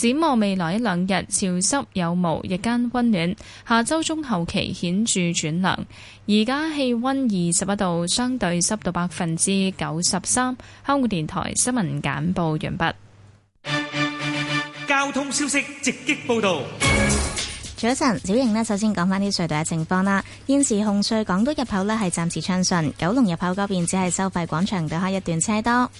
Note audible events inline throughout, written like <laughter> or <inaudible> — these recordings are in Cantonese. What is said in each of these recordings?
展望未來一兩日，潮濕有霧，日間溫暖。下週中後期顯著轉涼。而家氣溫二十一度，相對濕度百分之九十三。香港電台新聞簡報完畢。交通消息直擊報導。早晨，小瑩咧，首先講返啲隧道嘅情況啦。現時紅隧港島入口咧係暫時暢順，九龍入口嗰邊只係收費廣場對開一段車多。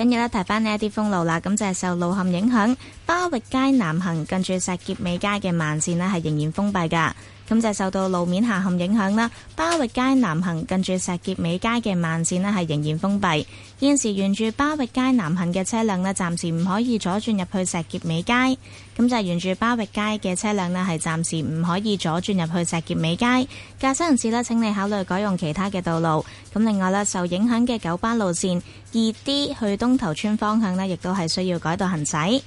跟住咧提翻呢一啲封路啦，咁就係、是、受路陷影響，巴域街南行近住石硖尾街嘅慢線呢，係仍然封閉噶。咁就受到路面下陷影響啦，巴域街南行近住石硤尾街嘅慢線呢，係仍然封閉，現時沿住巴域街南行嘅車輛呢，暫時唔可以左轉入去石硤尾街，咁就沿住巴域街嘅車輛呢，係暫時唔可以左轉入去石硤尾街，駕駛人士呢，請你考慮改用其他嘅道路。咁另外呢，受影響嘅九巴路線二 D 去東頭村方向呢，亦都係需要改道行駛。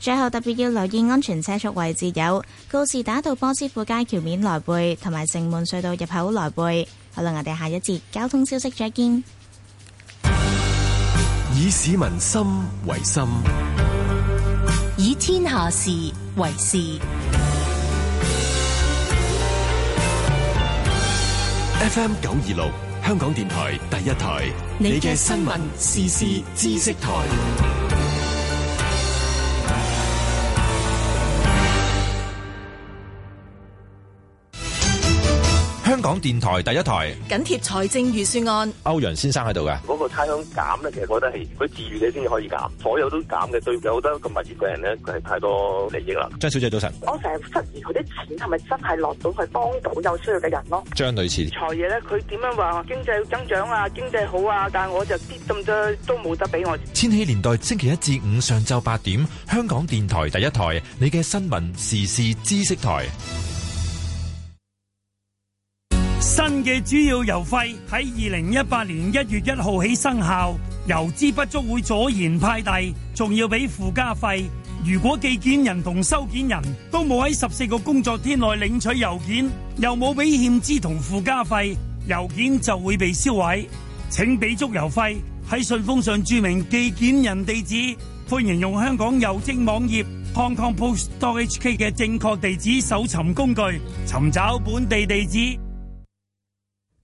最後特別要留意安全車速位置，有告士打道、波斯富街橋面來背同埋城門隧道入口來背。好啦，我哋下一節交通消息再見。以市民心為心，以天下事為事。FM 九二六香港電台第一台，你嘅新聞時事知識台。香港電台第一台緊貼財政預算案，歐陽先生喺度嘅。嗰個差餉減咧，其實我覺得係佢自如你先至可以減，所有都減嘅，對好多咁物業嘅人咧，佢係太多利益啦。張小姐早晨，我成日質疑佢啲錢係咪真係落到去幫到有需要嘅人咯。張女士，財爺咧，佢點樣話經濟增長啊，經濟好啊？但係我就啲咁多都冇得俾我。千禧年代星期一至五上晝八點，香港電台第一台，你嘅新聞時事知識台。新嘅主要郵費喺二零一八年一月一號起生效，郵資不足會阻延派遞，仲要俾附加費。如果寄件人同收件人都冇喺十四個工作天內領取郵件，又冇俾欠資同附加費，郵件就會被銷毀。請俾足郵費，喺信封上注明寄件人地址。歡迎用香港郵政網頁 Hong Kong Post HK 嘅正確地址搜尋工具，尋找本地地址。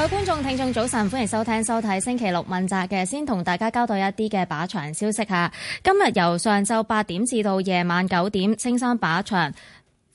各位觀眾、聽眾，早晨，歡迎收聽收睇星期六問責嘅，先同大家交代一啲嘅靶場消息吓。今日由上晝八點至到夜晚九點，青山靶場、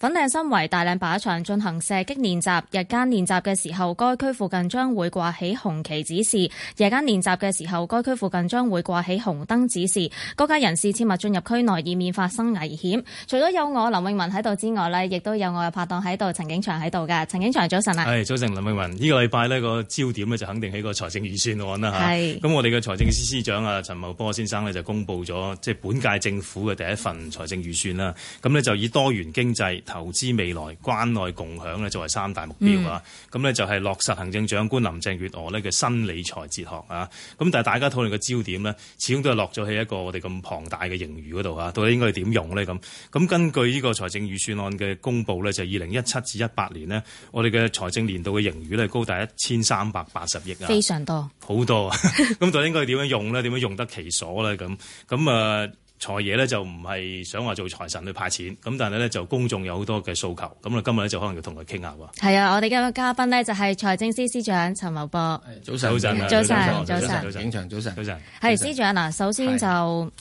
粉嶺新圍大嶺靶場進行射擊練習，日間練習嘅時候，該區附近將會掛起紅旗指示；夜間練習嘅時候，該區附近將會掛起紅燈指示。各界人士切勿進入區內，以免發生危險。除咗有我林詠雯喺度之外呢，亦都有我嘅拍檔喺度，陳景祥喺度嘅。陳景祥早晨啊！係、hey, 早晨，林詠雯。呢、這個禮拜呢個焦點呢，就肯定係個財政預算案啦。係。咁我哋嘅財政司司長啊陳茂波先生呢，就公布咗即係本屆政府嘅第一份財政預算啦。咁呢，就以多元經濟。投資未來、關愛共享咧，作為三大目標啊！咁、嗯、呢就係落實行政長官林鄭月娥呢嘅新理財哲學啊！咁但係大家討論嘅焦點呢，始終都係落咗喺一個我哋咁龐大嘅盈餘嗰度啊！到底應該點用呢？咁咁根據呢個財政預算案嘅公佈呢，就係二零一七至一八年呢，我哋嘅財政年度嘅盈餘呢，高達一千三百八十億啊！非常多，好多啊！咁 <laughs> 到底應該點樣用呢？點樣用得其所咧？咁咁啊？財爺咧就唔係想話做財神去派錢，咁但係咧就公眾有好多嘅訴求，咁啊今日咧就可能要同佢傾下喎。係啊，我哋今日嘅嘉賓呢就係財政司司長陳茂波。早晨，早晨，早晨，早晨，景祥早晨，早晨。係司長嗱，首先就。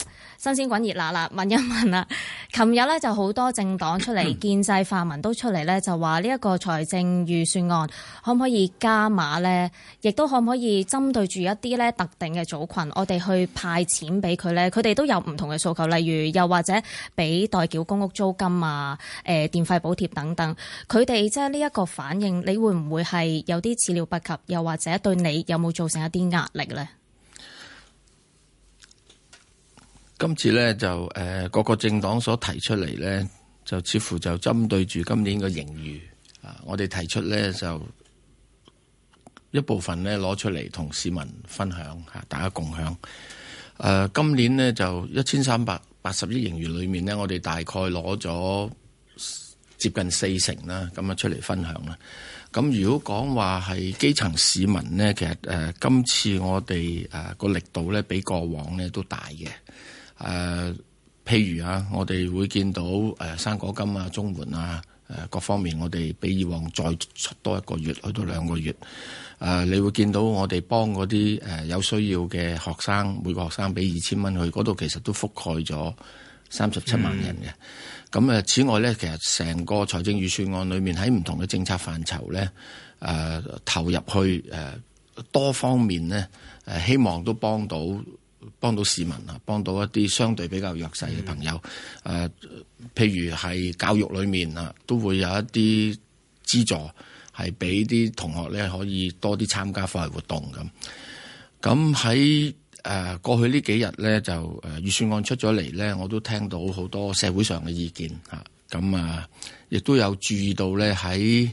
新鮮滾熱辣啦！問一問啦，琴日咧就好多政黨出嚟建制泛民都出嚟咧，就話呢一個財政預算案可唔可以加碼咧？亦都可唔可以針對住一啲咧特定嘅組群，我哋去派錢俾佢咧？佢哋都有唔同嘅訴求，例如又或者俾代繳公屋租金啊、誒、呃、電費補貼等等。佢哋即係呢一個反應，你會唔會係有啲始料不及？又或者對你有冇造成一啲壓力咧？今次呢，就誒、呃，各個政黨所提出嚟，呢，就似乎就針對住今年嘅盈餘啊。我哋提出呢，就一部分呢攞出嚟同市民分享吓，啊，大家共享。誒、啊，今年呢，就一千三百八十億盈餘裏面呢，我哋大概攞咗接近四成啦，咁啊出嚟分享啦。咁、啊、如果講話係基層市民呢，其實誒、啊，今次我哋誒個力度呢，比過往呢都大嘅。誒、呃，譬如啊，我哋會見到誒生、呃、果金啊、綜援啊、呃、各方面，我哋比以往再出多一個月去到兩個月。誒、呃，你會見到我哋幫嗰啲誒有需要嘅學生，每個學生俾二千蚊去嗰度，其實都覆蓋咗三十七萬人嘅。咁、嗯、誒，此外咧，其實成個財政預算案裏面喺唔同嘅政策範疇咧，誒、呃、投入去誒、呃、多方面咧、呃，希望都幫到。幫到市民啊，幫到一啲相對比較弱勢嘅朋友。誒、嗯啊，譬如喺教育裏面啊，都會有一啲資助，係俾啲同學咧可以多啲參加課外活動咁。咁喺誒過去這幾天呢幾日咧，就誒、啊、預算案出咗嚟咧，我都聽到好多社會上嘅意見嚇。咁啊，亦、啊、都有注意到咧喺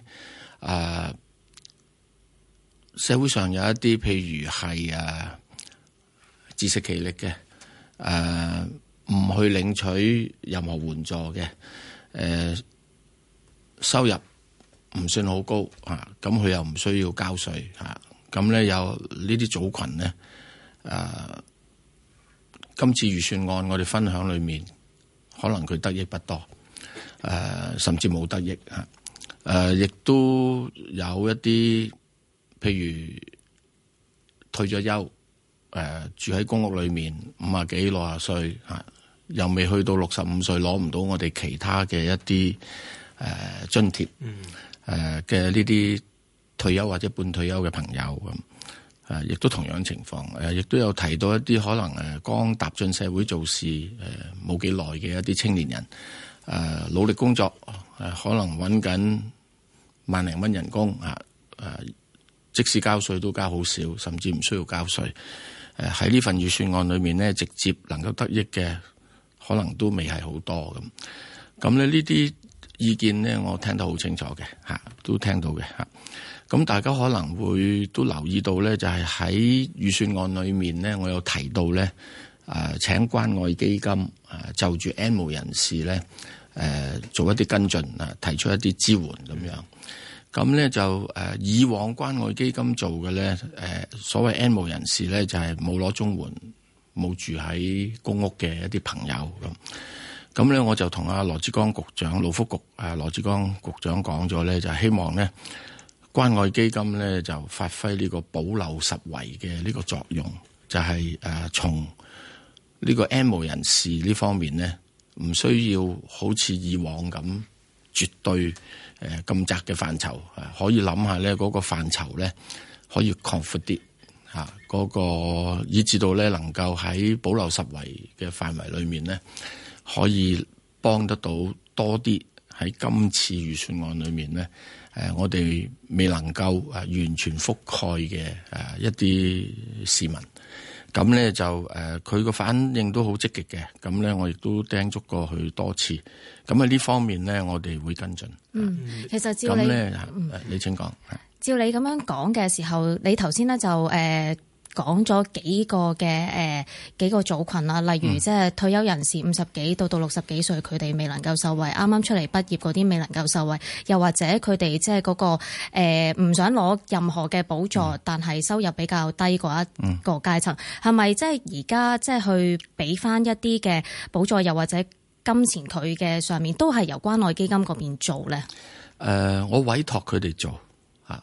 誒社會上有一啲譬如係啊。自食其力嘅，誒、呃、唔去領取任何援助嘅，誒、呃、收入唔算好高嚇，咁、啊、佢又唔需要交稅嚇，咁、啊、咧有呢啲組群咧，誒、啊、今次預算案我哋分享裏面，可能佢得益不多，誒、啊、甚至冇得益嚇，誒、啊、亦都有一啲譬如退咗休。誒、呃，住喺公屋裏面，五啊幾六啊歲，吓又未去到六十五歲，攞唔到我哋其他嘅一啲誒、啊、津貼，誒嘅呢啲退休或者半退休嘅朋友咁，誒、啊、亦、啊、都同樣情況，誒、啊、亦都有提到一啲可能誒剛、啊、踏進社會做事，誒冇幾耐嘅一啲青年人，誒、啊、努力工作，誒、啊、可能搵緊萬零蚊人工，啊誒、啊、即使交稅都交好少，甚至唔需要交稅。喺呢份預算案裏面咧，直接能夠得益嘅可能都未係好多咁。咁咧呢啲意見咧，我聽得好清楚嘅嚇，都聽到嘅嚇。咁大家可能會都留意到咧，就係喺預算案裏面咧，我有提到咧，誒請關愛基金誒就住 N 無人士咧誒做一啲跟進啊，提出一啲支援咁樣。咁咧就誒、啊、以往關愛基金做嘅咧誒所謂 N 無人士咧就係冇攞綜援、冇住喺公屋嘅一啲朋友咁。咁咧我就同阿、啊、羅致光局長、勞福局、啊、羅致光局長講咗咧，就是、希望咧關愛基金咧就發揮呢個補漏拾遺嘅呢個作用，就係、是、誒、啊、從呢個 N 無人士呢方面咧，唔需要好似以往咁絕對。誒咁窄嘅範疇啊，可以諗下咧，嗰個範疇咧可以擴闊啲嚇，嗰個以至到咧能夠喺保留十圍嘅範圍裏面咧，可以幫得到多啲，喺今次預算案裏面咧，誒我哋未能夠啊完全覆蓋嘅誒一啲市民。咁、嗯、咧就誒，佢、呃、個反應都好積極嘅。咁咧，我亦都叮囑過佢多次。咁啊，呢方面咧，我哋會跟進。嗯，其實照你誒、嗯，你請講。照你咁樣講嘅時候，你頭先咧就誒。呃講咗幾個嘅誒幾個組群啦，例如即係、嗯、退休人士五十幾到到六十幾歲，佢哋未能夠受惠；啱啱出嚟畢業嗰啲未能夠受惠，又或者佢哋即係嗰個呃、唔想攞任何嘅補助，嗯、但係收入比較低嗰一個階層，係咪即係而家即係去俾翻一啲嘅補助，又或者金錢佢嘅上面都係由關愛基金嗰邊做咧？誒、呃，我委託佢哋做。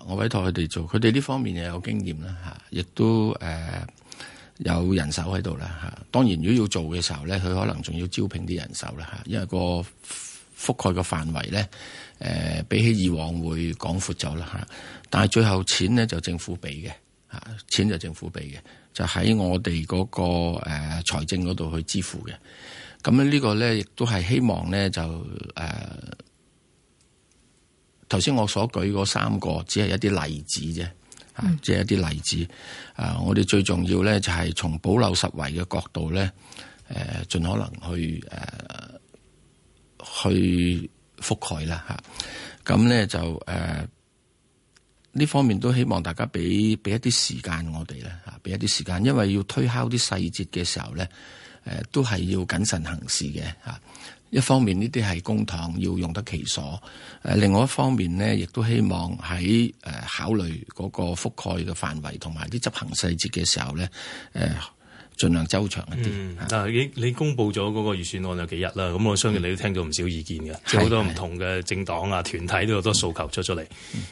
我委託佢哋做，佢哋呢方面又有經驗啦，嚇，亦都誒有人手喺度啦，嚇。當然，如果要做嘅時候咧，佢可能仲要招聘啲人手啦，嚇，因為個覆蓋嘅範圍咧，誒比起以往會廣闊咗啦，嚇。但係最後錢咧就政府俾嘅，嚇，錢就政府俾嘅，就喺我哋嗰個誒財政嗰度去支付嘅。咁呢個咧亦都係希望咧就誒。頭先我所舉嗰三個只係一啲例子啫，啊、嗯，只係一啲例子。啊，我哋最重要咧就係從保留實惠嘅角度咧，誒，盡可能去誒、啊、去覆蓋啦，嚇、啊。咁咧就誒呢、啊、方面都希望大家俾俾一啲時間我哋咧，啊，俾一啲時間，因為要推敲啲細節嘅時候咧，誒、啊、都係要謹慎行事嘅，嚇、啊。一方面呢啲係公帑要用得其所，另外一方面呢，亦都希望喺、呃、考慮嗰個覆蓋嘅範圍同埋啲執行細節嘅時候呢、呃，盡量周詳一啲。你、嗯、你公布咗嗰個預算案有幾日啦？咁、嗯、我相信你都聽咗唔少意見嘅，好、嗯、好多唔同嘅政黨啊、團體都有多訴求出咗嚟。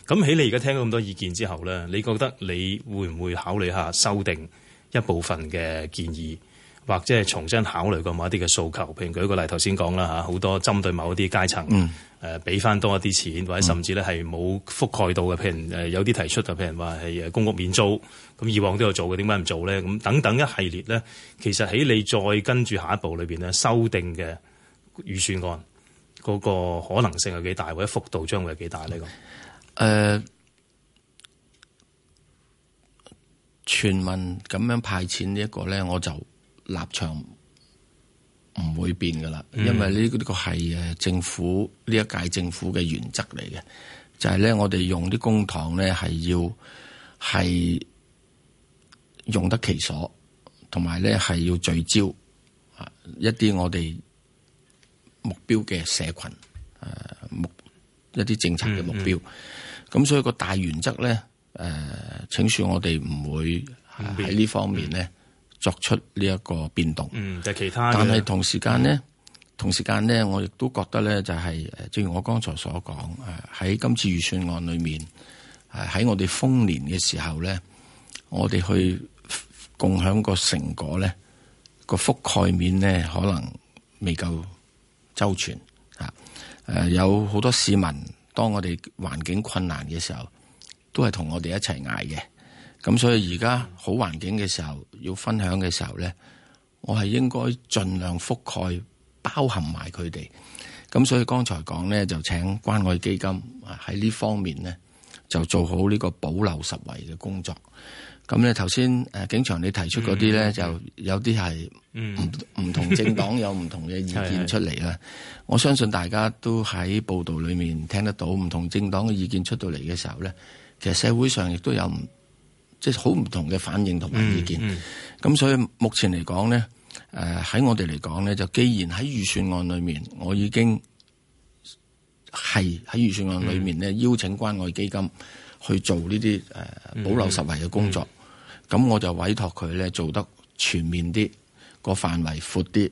咁喺你而家聽到咁多意見之後呢，你覺得你會唔會考慮下修訂一部分嘅建議？或者係重新考慮過某一啲嘅訴求，譬如舉個例，頭先講啦嚇，好多針對某一啲階層，誒俾翻多一啲錢，或者甚至咧係冇覆蓋到嘅，譬如誒有啲提出就譬如話係公屋免租，咁以往都有做嘅，點解唔做咧？咁等等一系列咧，其實喺你再跟住下一步裏邊咧，修訂嘅預算案嗰個可能性係幾大，或者幅度將會係幾大呢個？誒，全民咁樣派錢呢一個咧，我就，立場唔會變噶啦，因為呢呢個係誒政府呢一屆政府嘅原則嚟嘅，就係、是、咧我哋用啲公帑咧係要係用得其所，同埋咧係要聚焦一啲我哋目標嘅社群誒目一啲政策、嘅目標，咁、嗯嗯、所以個大原則咧誒，請恕我哋唔會喺呢方面咧。作出呢一個變動、嗯、其他，但係同時間咧，同時間咧，我亦都覺得咧、就是，就係誒正如我剛才所講誒喺今次預算案裏面，誒喺我哋豐年嘅時候咧，我哋去共享個成果咧，個覆蓋面咧可能未夠周全嚇誒、啊、有好多市民當我哋環境困難嘅時候，都係同我哋一齊捱嘅。咁所以而家好環境嘅時候，要分享嘅時候呢，我係應該盡量覆蓋包含埋佢哋。咁所以剛才講呢，就請關愛基金喺呢方面呢，就做好呢個保留實惠嘅工作。咁呢頭先誒，景祥你提出嗰啲呢、嗯，就有啲係唔唔同政黨有唔同嘅意見出嚟啦。 <laughs> 我相信大家都喺報道裏面聽得到唔同政黨嘅意見出到嚟嘅時候呢，其實社會上亦都有唔。即係好唔同嘅反應同埋意見，咁、嗯嗯、所以目前嚟講咧，誒、呃、喺我哋嚟講咧，就既然喺預算案裏面，我已經係喺預算案裏面咧、嗯、邀請關愛基金去做呢啲誒保留實惠嘅工作，咁、嗯嗯、我就委託佢咧做得全面啲，個範圍闊啲，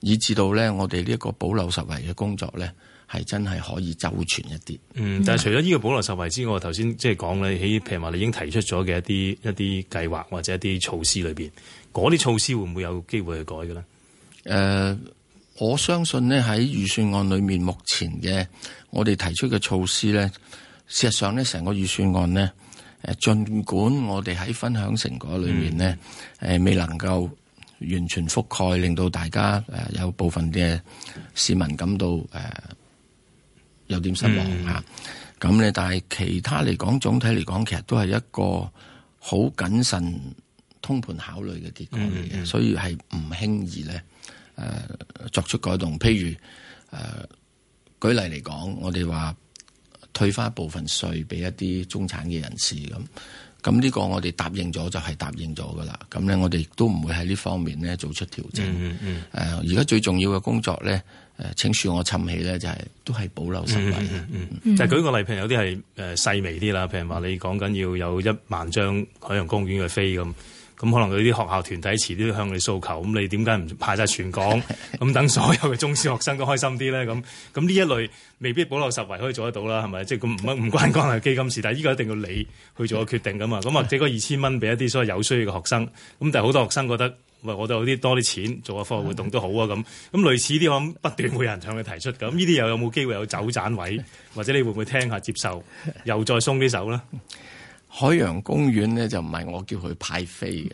以至到咧我哋呢一個保留實惠嘅工作咧。係真係可以周全一啲、嗯。嗯，但係除咗呢個保留受惠之外，頭先即係講咧，喺譬如話你已經提出咗嘅一啲一啲計劃或者一啲措施裏邊，嗰啲措施會唔會有機會去改嘅咧？誒、呃，我相信咧喺預算案裏面，目前嘅我哋提出嘅措施咧，事實上咧成個預算案咧，誒，盡管我哋喺分享成果裏面咧，誒、嗯呃，未能夠完全覆蓋，令到大家誒、呃、有部分嘅市民感到誒。呃有點失望吓，咁、嗯、咧，但係其他嚟講，總體嚟講，其實都係一個好謹慎通盤考慮嘅結果嚟嘅，所以係唔輕易咧誒作出改動。譬如誒、呃，舉例嚟講，我哋話退返部分稅俾一啲中產嘅人士咁。咁呢個我哋答應咗就係答應咗噶啦，咁咧我哋亦都唔會喺呢方面咧做出調整。誒、嗯，而、嗯、家、嗯呃、最重要嘅工作咧，誒、呃、請恕我沉氣咧，就係、是、都係保留實力嗯，嗯，嗯，嗯就是、舉個例，譬如有啲係、呃、細微啲啦，譬如話你講緊要有一萬張海洋公園嘅飛咁。咁可能佢啲學校團體遲啲向你訴求，咁你點解唔派晒全港咁等所有嘅中小學生都開心啲咧？咁咁呢一類未必保留十位可以做得到啦，係咪？即係咁唔關唔關關愛基金事，但係依個一定要你去做個決定噶嘛。咁或者個二千蚊俾一啲所謂有需要嘅學生，咁但係好多學生覺得，喂，我都有啲多啲錢做下課外活動都好啊咁。咁類似啲我諗不斷會有人向你提出，咁呢啲又有冇機會有走盞位，或者你會唔會聽下接受，又再鬆啲手咧？海洋公園咧就唔係我叫佢派飛嘅，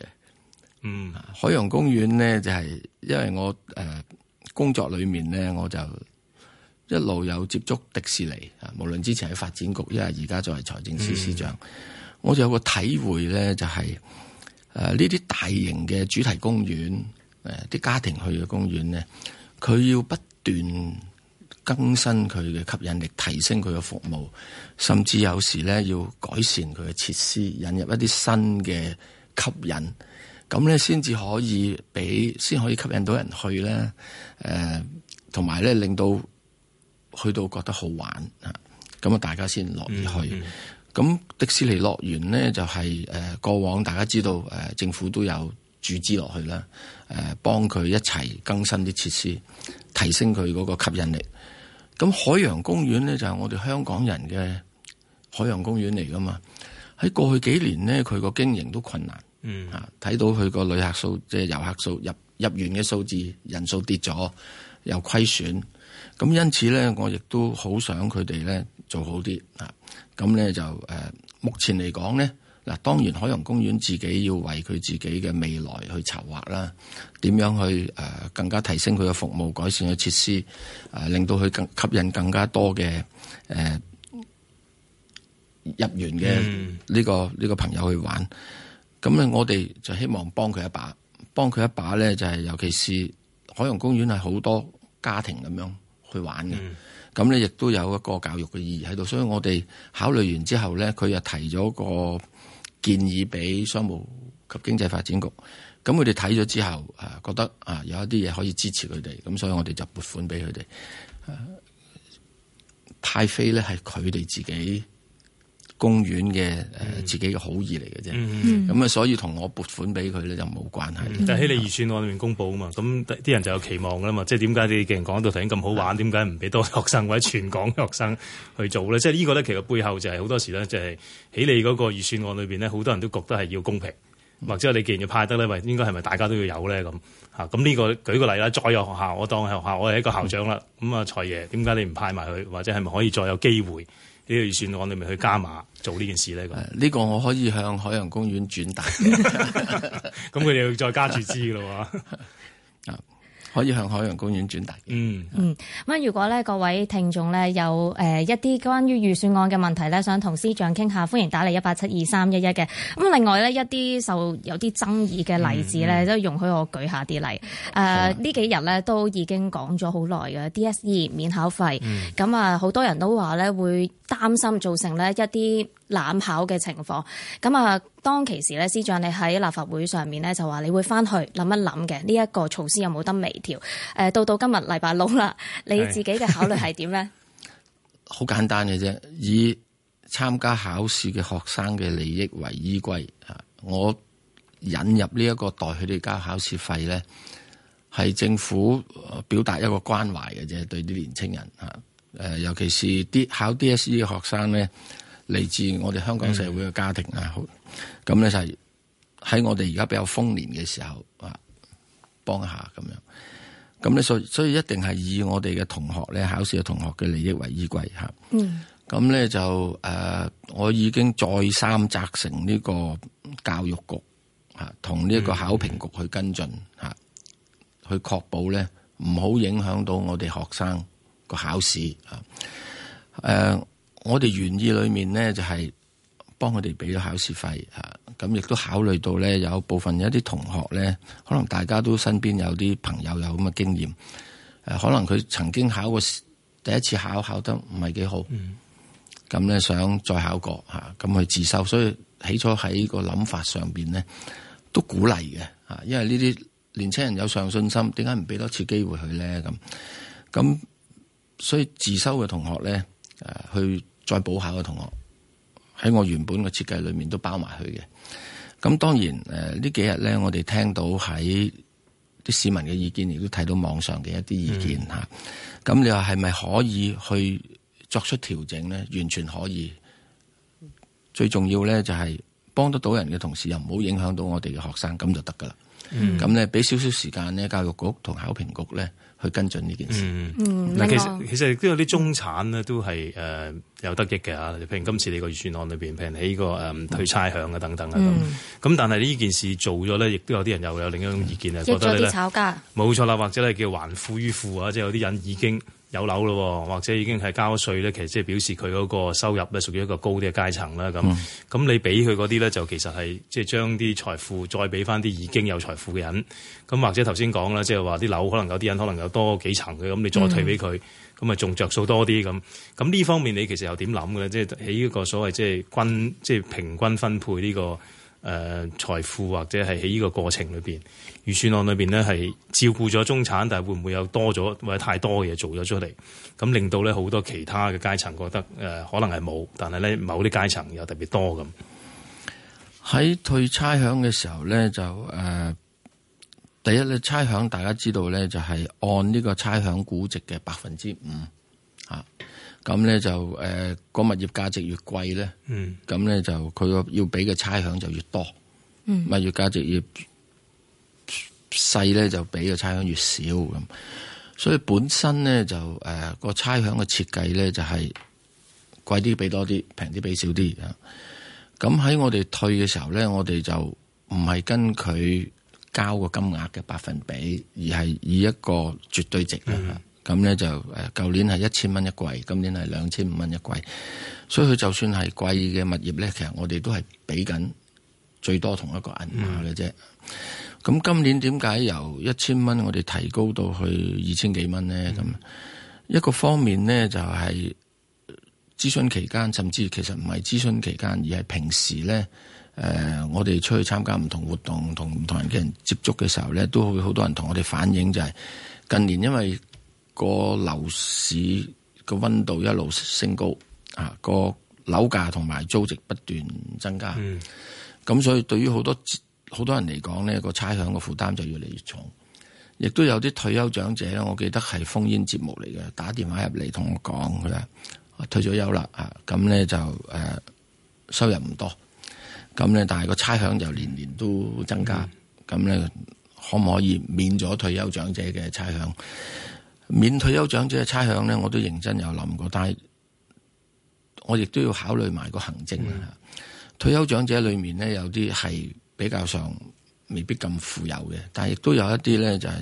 嗯，海洋公園咧就係因為我工作裏面咧我就一路有接觸迪士尼啊，無論之前喺發展局，因為而家作為財政司司長、嗯，我就有個體會咧、就是，就係誒呢啲大型嘅主題公園，誒、呃、啲家庭去嘅公園咧，佢要不斷更新佢嘅吸引力，提升佢嘅服務，甚至有時咧要改善佢嘅設施，引入一啲新嘅吸引，咁咧先至可以俾，先可以吸引到人去咧。誒、呃，同埋咧令到去到覺得好玩啊，咁啊大家先樂意去。咁、嗯嗯、迪士尼樂園咧就係、是、誒、呃、過往大家知道誒、呃、政府都有注資落去啦，誒幫佢一齊更新啲設施，提升佢嗰個吸引力。咁海洋公園咧就係、是、我哋香港人嘅海洋公園嚟㗎嘛。喺過去幾年咧，佢個經營都困難，嗯，睇到佢個旅客數即係、就是、遊客數入入園嘅數字人數跌咗，又虧損。咁因此咧，我亦都好想佢哋咧做好啲。咁咧就、呃、目前嚟講咧。嗱，當然海洋公園自己要為佢自己嘅未來去籌劃啦，點樣去、呃、更加提升佢嘅服務，改善佢設施，呃、令到佢更吸引更加多嘅誒、呃嗯、入園嘅呢、呢個呢、呢個朋友去玩。咁、嗯、咧，那我哋就希望幫佢一把，幫佢一把咧，就係、是、尤其是海洋公園係好多家庭咁樣去玩嘅，咁咧亦都有一個教育嘅意義喺度。所以我哋考慮完之後咧，佢又提咗個建議俾商務及經濟發展局，咁佢哋睇咗之後，啊覺得啊有一啲嘢可以支持佢哋，咁所以我哋就撥款俾佢哋。派飛咧係佢哋自己。公園嘅誒、呃、自己嘅好意嚟嘅啫，咁、嗯、啊、嗯、所以同我撥款俾佢咧就冇關係、嗯。但喺你預算案裏面公佈啊嘛，咁啲人就有期望㗎啦嘛。即係點解你既然講到頭先咁好玩，點解唔俾多學生或者全港學生去做咧？即係呢個咧其實背後就係、是、好 <laughs> 多時咧，就係喺你嗰個預算案裏面咧，好多人都覺得係要公平、嗯，或者你既然要派得咧，喂應該係咪大家都要有咧咁吓，咁呢個舉個例啦，再有學校，我當係學校，我係一個校長啦。咁、嗯、啊，財爺，點解你唔派埋佢？或者係咪可以再有機會？呢、呢個預算我哋咪去加碼做呢件事咧？呢、啊呢個我可以向海洋公園轉達，咁佢哋要再加注資嘅咯喎。可以向海洋公園轉達，嗯嗯，咁、嗯、如果咧各位聽眾咧有誒一啲關於預算案嘅問題咧，想同司長傾下，歡迎打嚟一八七二三一一嘅。咁另外咧一啲受有啲爭議嘅例子咧，嗯，都容許我舉下啲例。誒、嗯、呢、啊啊、幾日咧都已經講咗好耐嘅 DSE 免考費，咁啊好多人都話咧會擔心造成咧一啲。濫考嘅情況，咁啊，當其時咧，司長你喺立法會上面咧就話，你會翻去諗一諗嘅呢一個措施有冇得微調？誒，到到今日泥拜六啦，你自己嘅考慮係點咧？好 <laughs> 簡單嘅啫，以參加考試嘅學生嘅利益為依歸啊！我引入呢一個代佢哋交考試費咧，係政府表達一個關懷嘅啫，對啲年青人啊，誒，尤其是啲 D- 考 DSE 嘅學生咧。嚟自我哋香港社會嘅家庭啊，好，咁咧就喺我哋而家比較豐年嘅時候啊，幫下咁樣，咁咧所以所以一定係以我哋嘅同學咧考試嘅同學嘅利益為依歸嚇，嗯，咁咧就誒、呃，我已經再三責成呢個教育局嚇同呢一個考評局去跟進、嗯、去確保咧唔好影響到我哋學生個考試我哋原意裏面呢，就係幫佢哋俾咗考試費吓，咁亦都考慮到呢，有部分一啲同學呢，可能大家都身邊有啲朋友有咁嘅經驗，誒，可能佢曾經考過，第一次考考得唔係幾好，咁、嗯、呢，想再考過吓，咁去自修，所以起初喺個諗法上邊呢，都鼓勵嘅吓，因為呢啲年青人有上信心，點解唔俾多次機會佢呢？咁？咁所以自修嘅同學呢，誒去。再補考嘅同學喺我原本嘅設計裏面都包埋去嘅。咁當然，誒、呃、呢幾日咧，我哋聽到喺啲市民嘅意見，亦都睇到網上嘅一啲意見吓。咁、嗯啊、你話係咪可以去作出調整咧？完全可以。最重要咧就係、是、幫得到人嘅同時，又唔好影響到我哋嘅學生，咁就得噶啦。咁、嗯、咧，俾少少時間呢，教育局同考評局咧，去跟進呢件事。嗱、嗯嗯嗯，其實其實亦都有啲中產咧，都係誒有得益嘅嚇。譬如今次你個預算案裏邊，譬如喺呢個誒退差餉嘅等等啊咁。咁、嗯、但係呢件事做咗咧，亦都有啲人又有另一種意見，係、嗯、覺得咧，炒家冇錯啦，或者係叫還富於富啊，即、就、係、是、有啲人已經，有樓咯，或者已經係交稅咧，其實即係表示佢嗰個收入咧屬於一個高啲嘅階層啦。咁、嗯、咁你俾佢嗰啲咧，就其實係即係將啲財富再俾翻啲已經有財富嘅人。咁或者頭先講啦，即係話啲樓可能有啲人可能有多幾層嘅，咁你再退俾佢，咁啊仲着數多啲咁。咁呢方面你其實又點諗嘅咧？即係喺呢個所謂即係均即係、即係、平均分配呢、呢個。誒、呃，財富或者係喺呢個過程裏邊，預算案裏邊咧，係照顧咗中產，但係會唔會有多咗或者太多嘅嘢，做咗出嚟，咁令到咧，好多其他嘅階層覺得誒、呃，可能係冇，但係咧，某啲階層又特別多咁。喺退差餉嘅時候咧，就誒、呃，第一咧，差餉大家知道咧就係、是、按呢個差餉估值嘅百分之五吓。咁咧就誒，個、呃、物業價值越貴咧，咁、嗯、咧就佢個要俾嘅差餉就越多，嗯、物業價值越細咧就俾嘅差餉越少咁。所以本身咧就誒個、呃、差餉嘅設計咧就係貴啲俾多啲，平啲俾少啲啊。咁喺我哋退嘅時候咧，我哋就唔係跟佢交個金額嘅百分比，而係以一個絕對值咁咧就誒，舊年係一千蚊一季，今年係兩千五蚊一季，所以佢就算係貴嘅物業咧，其實我哋都係俾緊最多同一個銀碼嘅啫。咁、嗯、今年點解由一千蚊我哋提高到去二千幾蚊咧？咁、嗯、一個方面咧就係諮詢期間，甚至其實唔係諮詢期間，而係平時咧，誒、呃、我哋出去參加唔同活動，同唔同人嘅人接觸嘅時候咧，都會好多人同我哋反映就係近年因為，個樓市個溫度一路升高，啊，個樓價同埋租值不斷增加，咁、嗯、所以對於好多好多人嚟講呢，個差餉個負擔就越嚟越重。亦都有啲退休長者咧，我記得係烽煙節目嚟嘅，打電話入嚟同我講佢啊，退咗休啦，啊，咁呢就誒、啊、收入唔多，咁呢，但係個差餉就年年都增加，咁、嗯、呢，可唔可以免咗退休長者嘅差餉？免退休長者嘅差餉咧，我都認真有諗過，但係我亦都要考慮埋個行政、嗯、退休長者裏面呢，有啲係比較上未必咁富有嘅，但係亦都有一啲咧就係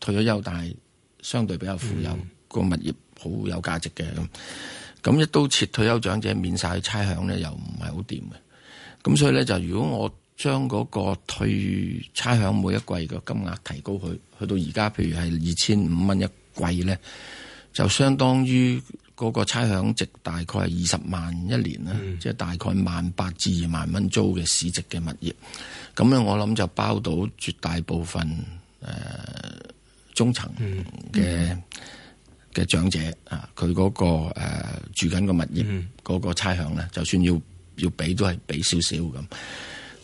退咗休，但係相對比較富有，個、嗯、物業好有價值嘅咁。咁一刀切退休長者免晒差餉咧，又唔係好掂嘅。咁所以咧，就如果我將嗰個退差餉每一季嘅金額提高佢，去到而家，譬如係二千五蚊一。貴咧，就相當於嗰個差餉值大概係二十萬一年啦，即、嗯、係、就是、大概萬八至二萬蚊租嘅市值嘅物業，咁咧我諗就包到絕大部分誒、呃、中層嘅嘅、嗯、長者啊，佢嗰、那個、呃、住緊嘅物業嗰、嗯那個差餉咧，就算要要俾都係俾少少咁。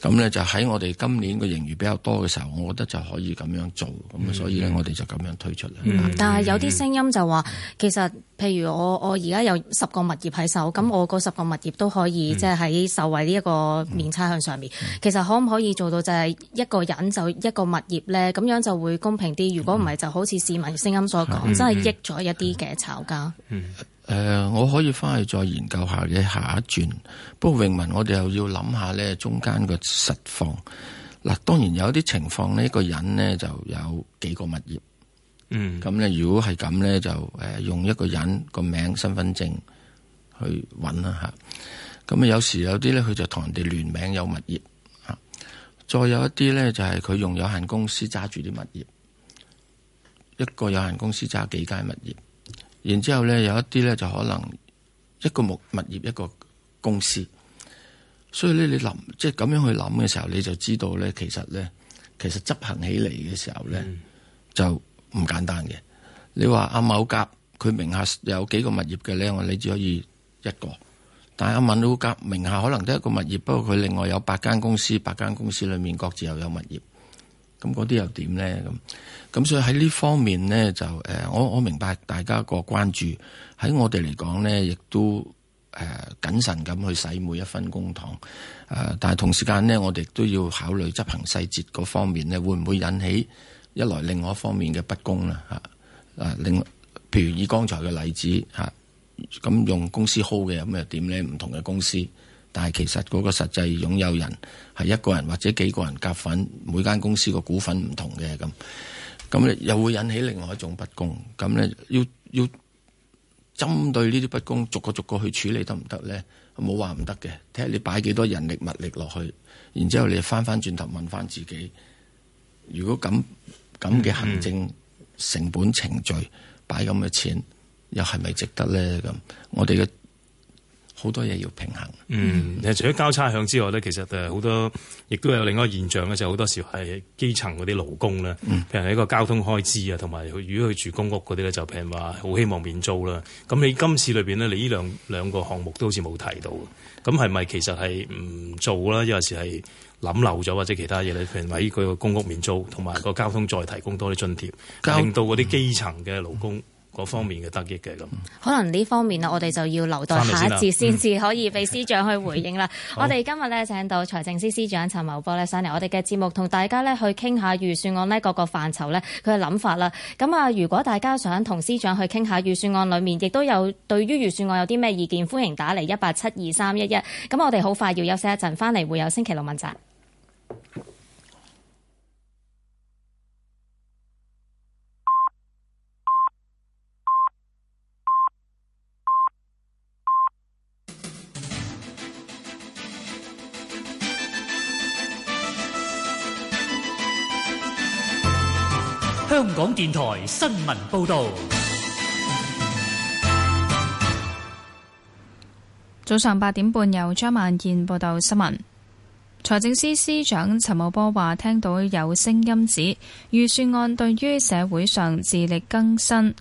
咁咧就喺我哋今年嘅盈餘比較多嘅時候，我覺得就可以咁樣做，咁、嗯、所以咧、嗯、我哋就咁樣推出啦、嗯嗯。但係有啲聲音就話，其實譬如我我而家有十個物業喺手，咁我個十個物業都可以、嗯、即係喺受惠呢一個免差餉上面。嗯嗯、其實可唔可以做到就係一個人就一個物業咧？咁樣就會公平啲。如果唔係，就好似市民聲音所講、嗯嗯嗯，真係益咗一啲嘅炒家。嗯。嗯嗯誒、呃，我可以翻去再研究下嘅下一轉。不過詠雯，我哋又要諗下咧中間個實況。嗱、啊，當然有啲情況咧，一個人咧就有幾個物業。嗯，咁咧如果係咁咧，就誒用一個人個名身份證去揾啦吓。咁啊，有時有啲咧，佢就同人哋聯名有物業。吓、啊，再有一啲咧，就係、是、佢用有限公司揸住啲物業，一個有限公司揸幾間物業。然之後咧，有一啲咧就可能一個物物業一個公司，所以咧你諗，即係咁樣去諗嘅時候，你就知道咧，其實咧其實執行起嚟嘅時候咧就唔簡單嘅。你話阿、啊、某甲佢名下有幾個物業嘅咧，我你，你只可以一個，但阿文老甲名下可能得一個物業，不過佢另外有八間公司，八間公司裏面各自又有物業。咁嗰啲又點咧？咁咁所以喺呢方面咧，就誒，我我明白大家個關注。喺我哋嚟講咧，亦都誒、呃、謹慎咁去使每一分公帑。誒、呃，但係同時間咧，我哋都要考慮執行細節嗰方面咧，會唔會引起一來另外一方面嘅不公啦？嚇啊！另譬如以剛才嘅例子嚇，咁、啊、用公司 hold 嘅咁又點咧？唔同嘅公司。但係其實嗰個實際擁有人係一個人或者幾個人夾份，每間公司個股份唔同嘅咁，咁咧又會引起另外一種不公。咁咧，要要針對呢啲不公，逐個逐個，逐個去處理得唔得咧？冇話唔得嘅，睇下你擺幾多人力物力落去，然之後你翻翻轉頭問翻自己，如果咁咁嘅行政嗯嗯成本程序擺咁嘅錢，又係咪值得咧？咁我哋嘅。好多嘢要平衡。嗯，其實除咗交叉向之外咧，其實誒好多，亦都有另一個現象咧，就好多時係基層嗰啲勞工咧、嗯，譬如係一個交通開支啊，同埋如果佢住公屋嗰啲咧，就譬如話好希望免租啦。咁你今次裏邊咧，你呢兩兩個項目都好似冇提到，咁係咪其實係唔做啦？有時係諗漏咗或者其他嘢咧，譬如喺佢個公屋免租，同埋個交通再提供多啲津貼，令到嗰啲基層嘅勞工。嗯各方面嘅得益嘅。咁，可能呢方面呢我哋就要留待下一節先至可以俾司長去回應啦。嗯。我哋今日呢請到財政司司長陳茂波呢上嚟，我哋嘅節目同大家呢去傾下預算案呢各個範疇呢佢嘅諗法啦。咁啊，如果大家想同司長去傾下預算案裏面，亦都有對於預算案有啲咩意見，歡迎打嚟一八七二三一一。咁我哋好快要休息一陣，翻嚟會有星期六問責。香港電台新聞報道，早上八點半由張萬燕報道新聞。財政司司長陳茂波話：聽到有聲音指，預算案對於社會上自力更生，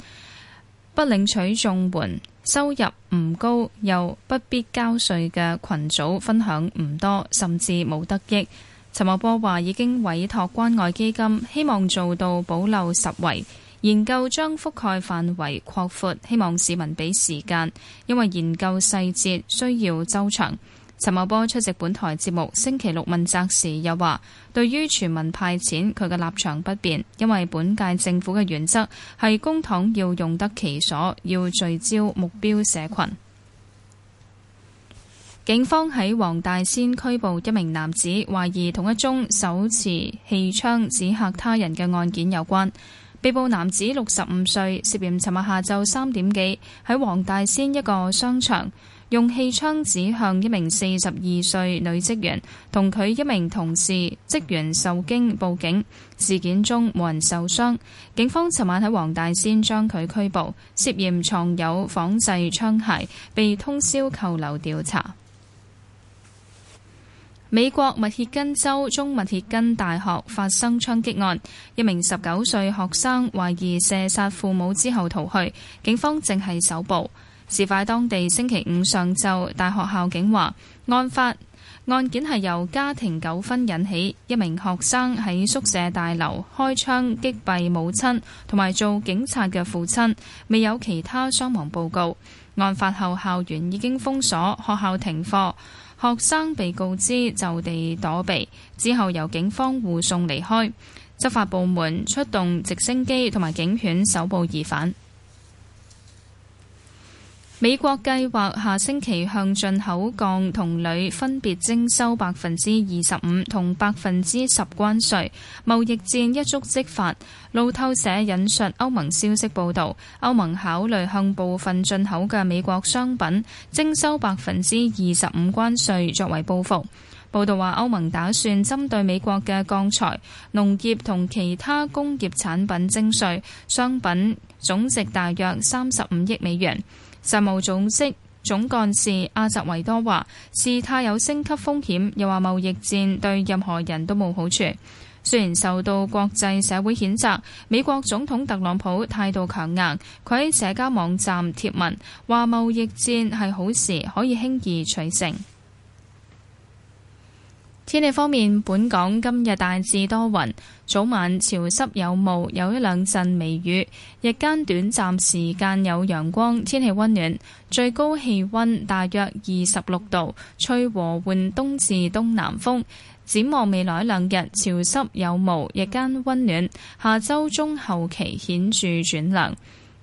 不領取綜援、收入唔高又不必交稅嘅群組分享唔多，甚至冇得益。陳茂波話已經委託關愛基金，希望做到保留實惠，研究將覆蓋範圍擴闊，希望市民俾時間，因為研究細節需要周詳。陳茂波出席本台節目星期六問責時又話，對於全民派錢，佢嘅立場不變，因為本屆政府嘅原則係公帑要用得其所，要聚焦目標社群。警方喺黃大仙拘捕一名男子，懷疑同一宗手持氣槍指嚇他人嘅案件有關。被捕男子六十五歲，涉嫌尋日下晝三點幾喺黃大仙一個商場用氣槍指向一名四十二歲女職員，同佢一名同事職員受驚報警。事件中冇人受傷。警方尋晚喺黃大仙將佢拘捕，涉嫌藏有仿製槍械，被通宵扣留調查。美國密歇根州中密歇根大學發生槍擊案，一名十九歲學生懷疑射殺父母之後逃去，警方正係搜捕。事發當地星期五上晝，大學校警話案發案件係由家庭糾紛引起，一名學生喺宿舍大樓開槍擊斃母親同埋做警察嘅父親，未有其他傷亡報告。案發後，校園已經封鎖，學校停課。學生被告知就地躲避，之後由警方護送離開。執法部門出動直升機同埋警犬搜捕疑犯。美國計劃下星期向進口鋼同鋁分別徵收百分之二十五同百分之十關稅。貿易戰一觸即發。路透社引述歐盟消息報道，歐盟考慮向部分進口嘅美國商品徵收百分之二十五關稅，作為報復。報導話，歐盟打算針對美國嘅鋼材、農業同其他工業產品徵稅，商品總值大約三十五億美元。世貿組織總幹事阿澤維多話，事態有升級風險，又話貿易戰對任何人都冇好處。雖然受到國際社會譴責，美國總統特朗普態度強硬。佢喺社交網站貼文，話貿易戰係好事，可以輕易取勝。天氣方面，本港今日大致多雲，早晚潮濕有霧，有一兩陣微雨。日間短暫時間有陽光，天氣溫暖，最高氣溫大約二十六度，吹和緩東至東南風。展望未來兩日，潮濕有霧，日間溫暖。下周中後期顯著轉涼，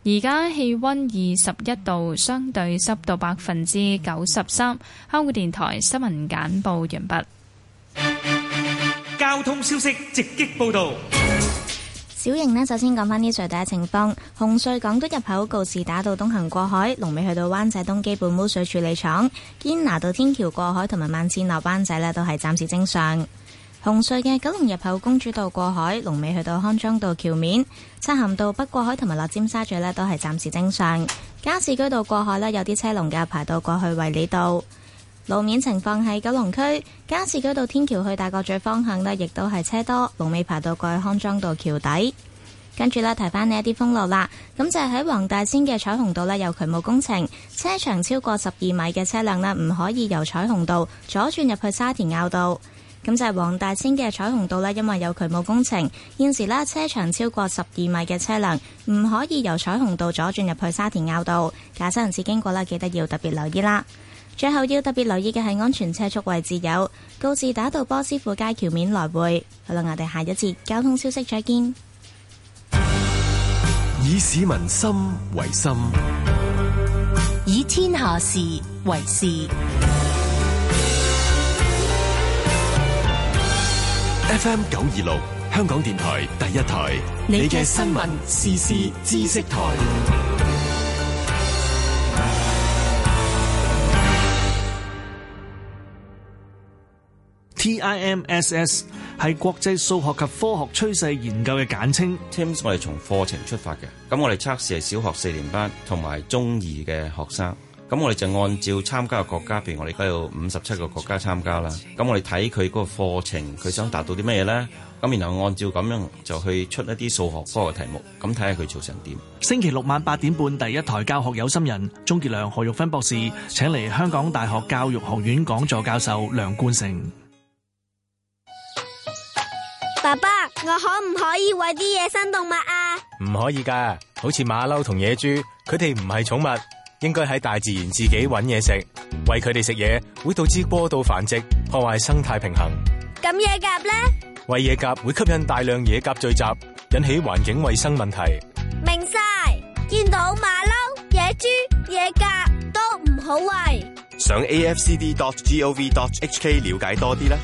而家氣溫二十一度，相對濕度百分之九十三。香港電台新聞簡報完畢。交通消息直擊報道。小瑩呢，首先講返呢隧道嘅情況。紅隧港島入口告士打道東行過海，龍尾去到灣仔東基本污水處理廠；堅拿道天橋過海同埋萬千落灣仔呢都係暫時正常。紅隧嘅九龍入口公主道過海，龍尾去到康莊道橋面；漆咸道北過海同埋落尖沙咀呢都係暫時正常。加士居道過海呢，有啲車龍嘅排到過去衛理道。路面情況喺九龍區，加士居道天橋去大角咀方向呢，亦都係車多，龍尾排到過去康莊道橋底。跟住呢，提翻呢一啲封路啦。咁就係喺黃大仙嘅彩虹道呢，有渠務工程，車長超過十二米嘅車輛呢，唔可以由彩虹道左轉入去沙田坳道。咁就係黃大仙嘅彩虹道呢，因為有渠務工程，現時啦車長超過十二米嘅車輛唔可以由彩虹道左轉入去沙田坳道。駕駛人士經過啦，記得要特別留意啦。最後要特別留意嘅，係安全車速位置有告士打道、波斯富街橋面來回。好啦，我哋下一節交通消息再見。以市民心為心，以天下事為事。FM 九二六，香港電台第一台，你嘅新聞時事知識台。TIMSS 係國際數學及科學趨勢研究嘅簡稱。TIMS 我哋從課程出發嘅，咁我哋測試係小學四年班同埋中二嘅學生。咁我哋就按照參加嘅國家，譬如我哋而家有五十七個國家參加啦。咁我哋睇佢嗰個課程，佢想達到啲咩嘢咧？咁然後按照咁樣就去出一啲數學科學題目，咁睇下佢做成點。星期六晚八點半，第一台教學有心人，鍾傑良、何玉芬博士請嚟香港大學教育學院講座教授梁冠成。爸爸，我可唔可以餵啲野生動物啊？唔可以噶，好似馬騮同野豬，佢哋唔係寵物，應該喺大自然自己搵嘢食。餵佢哋食嘢會導致過度繁殖，破壞生態平衡。咁野鴿呢？餵野鴿會吸引大量野鴿聚集，引起環境衛生問題。明晒，見到馬騮、野豬、野鴿都唔好餵。上 afcd.gov.hk 了解多啲啦。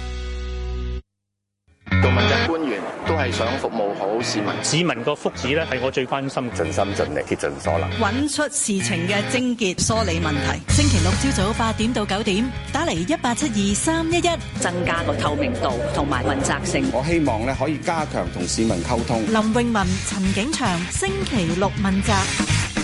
做問責官員都係想服務好市民，市民個福祉咧，係我最關心，盡心盡力竭盡所能，揾出事情嘅症結，梳理問題。星期六朝早八點到九點，打嚟一八七二三一一，增加個透明度同埋問責性。我希望咧可以加強同市民溝通。林詠雯、陳景祥，星期六問責。